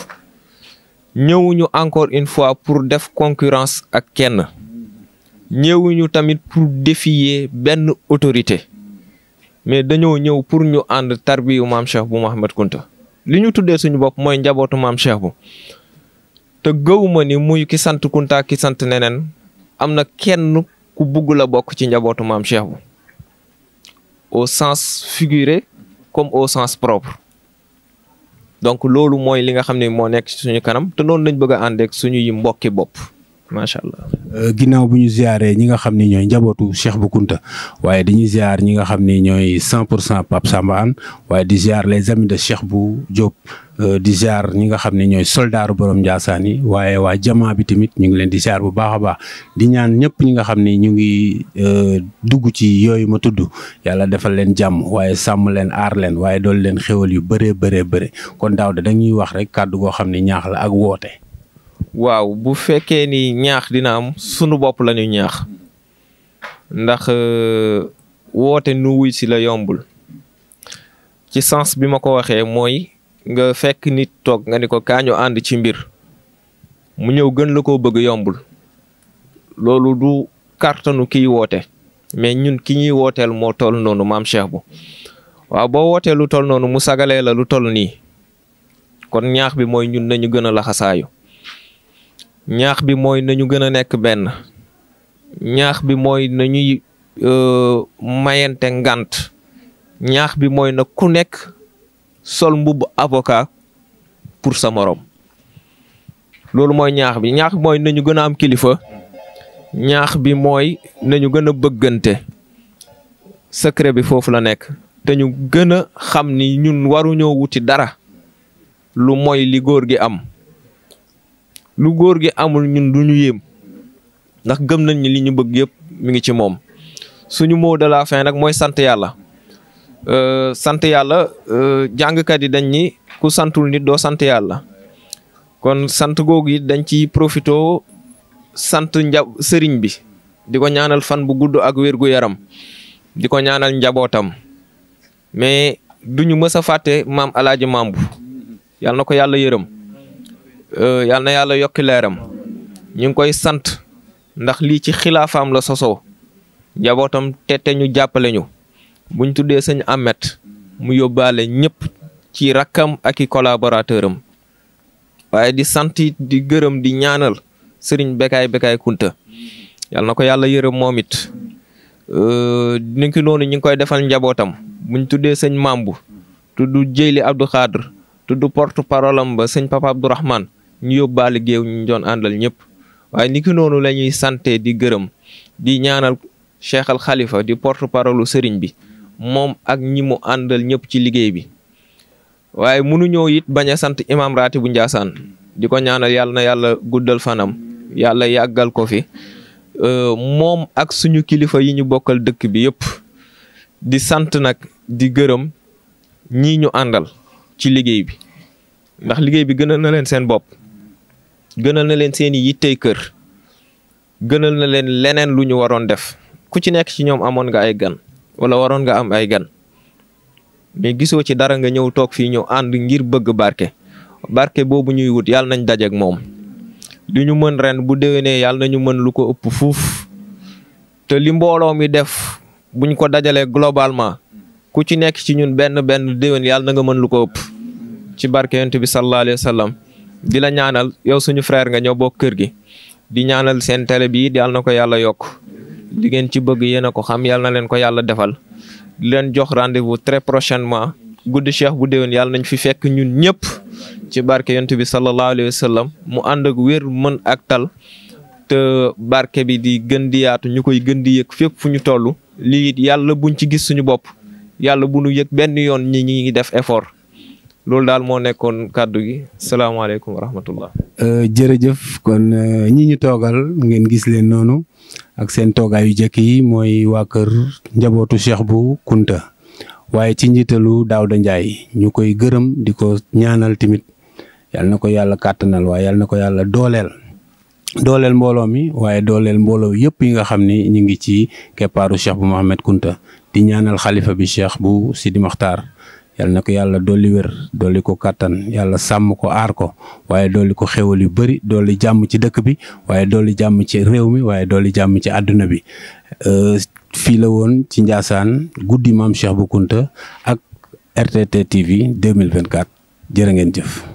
ñëwuñu encore une fois pour def concurrence ak kenn ñëwuñu tamit pour défier benn autorité mais dañoo ñëw pour ñu ànd tarbiyu maam Cheikh bu Mouhamed Kunta li ñu tuddee suñu bokk mooy njabootu maam Cheikh bu te gëwuma ni muy ki sant Kunta ki sant neneen am na kenn ku bugg la bokk ci njabootu maam Cheikh bu au sens figuré comme au sens propre donc loolu mooy li nga xam ne moo nekk ci suñu kanam te noonu lañ bëgg a ànd suñuy mbokki bopp macha allah. Euh, ginnaaw bu ñu ziaree ñi nga xam ni ñooy njabootu Cheikh Bou Kounta waaye dañuy ziar ñi nga xam ni ñooy 100 pour cent Pape Samba waaye di ziar les amis de Cheikh Bou Diop. Euh, di ziar ñi nga xam ne ñooy soldaaru borom Ndiassane waaye waa jamaa bi tamit ñu ngi leen di ziar bu baax a baax di ñaan ñëpp ñi nga xam ni ñu ngi euh, dugg ci yooyu ma tudd yàlla defal leen jàmm waaye sàmm leen aar leen waaye dool leen xéwal yu bëree bëree bëri kon daaw de dañuy wax rek kàddu goo xam ne ñaax la ak woote. waaw bu fekkee ni ñaax dina am sunu bopp lañu ñu ñaax ndax euh, woote nu wuy si la yombul ci sens bi ma ko waxee mooy nga fekk nit toog nga ni ko kaañu ànd ci mbir mu ñëw gën la koo bëgg yombul loolu du kartanu kiy woote mais ñun ki ñuy wooteel moo toll noonu maam Cheikh bu waaw boo wootee lu toll noonu mu sagalee la lu toll nii kon ñaax bi mooy ñun nañu gën a laxasaayu ñaax bi mooy nañu gën a nekk benn ñaax bi mooy nañuy euh, mayante ngànt ñaax bi mooy na ku nekk sol mbubb aboka pour sa morom loolu mooy ñaax bi ñaax bi mooy nañu gën a am kilifa ñaax bi mooy nañu gën a bëggante secret bi foofu la nekk te ñu gën a xam ni ñun waruñoo wuti dara lu moy li gi am lu góor gi amul ñun du ñu yéem ndax gëm nañ ni li ñu bëgg yëpp mi ngi ci moom suñu mot de la fin nag mooy sant yàlla euh, sant yàlla euh, jàngkat yi dañ ni ku santul nit doo sant yàlla kon sant googu it dañ ci profito sant nja sëriñ bi di ko ñaanal fan bu gudd ak wér gu yaram di ko ñaanal njabootam mais duñu mës a fàtte maam alaaji maam bu yàlla na ko yàlla yërëm Euh, yal na yàlla yokki leeram ñu ngi koy sant ndax lii ci xilaafaam la sosoo njabootam te ñu jàppale ñu buñ tuddee sëñ Ahmed mu yóbbaale ñëpp ci rakkam ak i collaborateur am waaye di sant di gërëm di ñaanal sëriñ Bekaay Bekaay Kunta yal na ko yàlla yërëm moom it euh, ni ki noonu ñu ngi koy defal njabootam buñ tuddee sëñ Mambu tudd Jeyli Abdou Khadr tudd porte parole ba sëñ Papa Abdourahman ñu yóbbaale géew ñu doon àndal ñëpp waaye ni ki noonu la ñuy sante di gërëm di ñaanal cheikh xalifa di porte parole sëriñ bi moom ak ñi mu àndal ñëpp ci liggéey bi waaye mënuñoo it bañ a sant imaam raati bu njaasaan di ko ñaanal yàlla na yàlla guddal fanam yàlla yàggal ko fi moom ak suñu kilifa yi ñu bokkal dëkk bi yëpp di sant nag di gërëm ñii ñu àndal ci liggéey bi ndax liggéey bi gënal na leen seen bopp gënal na leen seen i yittey kër gënal na leen leneen lu ñu waroon def ku ci nekk ci ñoom amoon nga ay gan wala waroon nga am ay gan mais gisoo ci dara nga ñëw toog fii ñëw ànd ngir bëgg barke barke boobu ñuy wut yàlla nañ dajeek moom li ñu mën ren bu déwénee na ñu mën lu ko ëpp fuuf te li mbooloo mi def buñ ko dajalee globalement ku ci nekk ci ñun benn benn déwén yàlla na nga mën lu ko ëpp ci barke yonent bi sallallahu alayhi di la ñaanal yow suñu frère nga ñoo bokk kër gi di ñaanal seen télé bi yal na ko yàlla yokk di ngeen ci bëgg yéen a ko xam yal na leen ko yàlla defal di leen jox rendez-vous très prochainement guddi cheikh bu déwén yàlla nañ fi fekk ñun ñëpp ci barke yontu bi sallallahu alayhi wa sallam mu ànd ak wér mën ak tal te barke bi di gën di yaatu ñu koy gën di yëg fépp fu ñu toll lii yàlla buñ ci gis suñu bopp yàlla bu ñu yëg benn yoon ñi ñu ngi def effort loolu daal moo nekkoon kàddu gi salaamaaleykum wa rahmatullah. Euh, jërëjëf kon euh, ñi ñu toogal ngeen gis leen noonu ak seen toogaayu yu yi mooy waa kër njabootu Cheikh bu Kounta waaye ci njiitalu daaw da Ndiaye ñu koy gërëm di ko ñaanal tamit yal na ko yàlla kàttanal waaye yal na ko yàlla dooleel. dooleel mbooloo mi waaye dooleel mbooloo yëpp yi nga xam ni ñu ngi ci keppaaru Cheikh bu Mohamed Kounta di ñaanal xalifa bi Cheikh bu Sidi Mokhtar. yal na ko yàlla dolli wér dooli ko kàttan yàlla sàmm ko aar ko waaye dooli ko xewal yu bëri dolli jàmm ci dëkk bi waaye dolli jàmm ci réew mi waaye dolli jàmm ci àdduna bi euh, fii la woon ci Ndiassane guddi maam Cheikh bu Kounta ak RTT TV 2024 jërë ngeen jëf.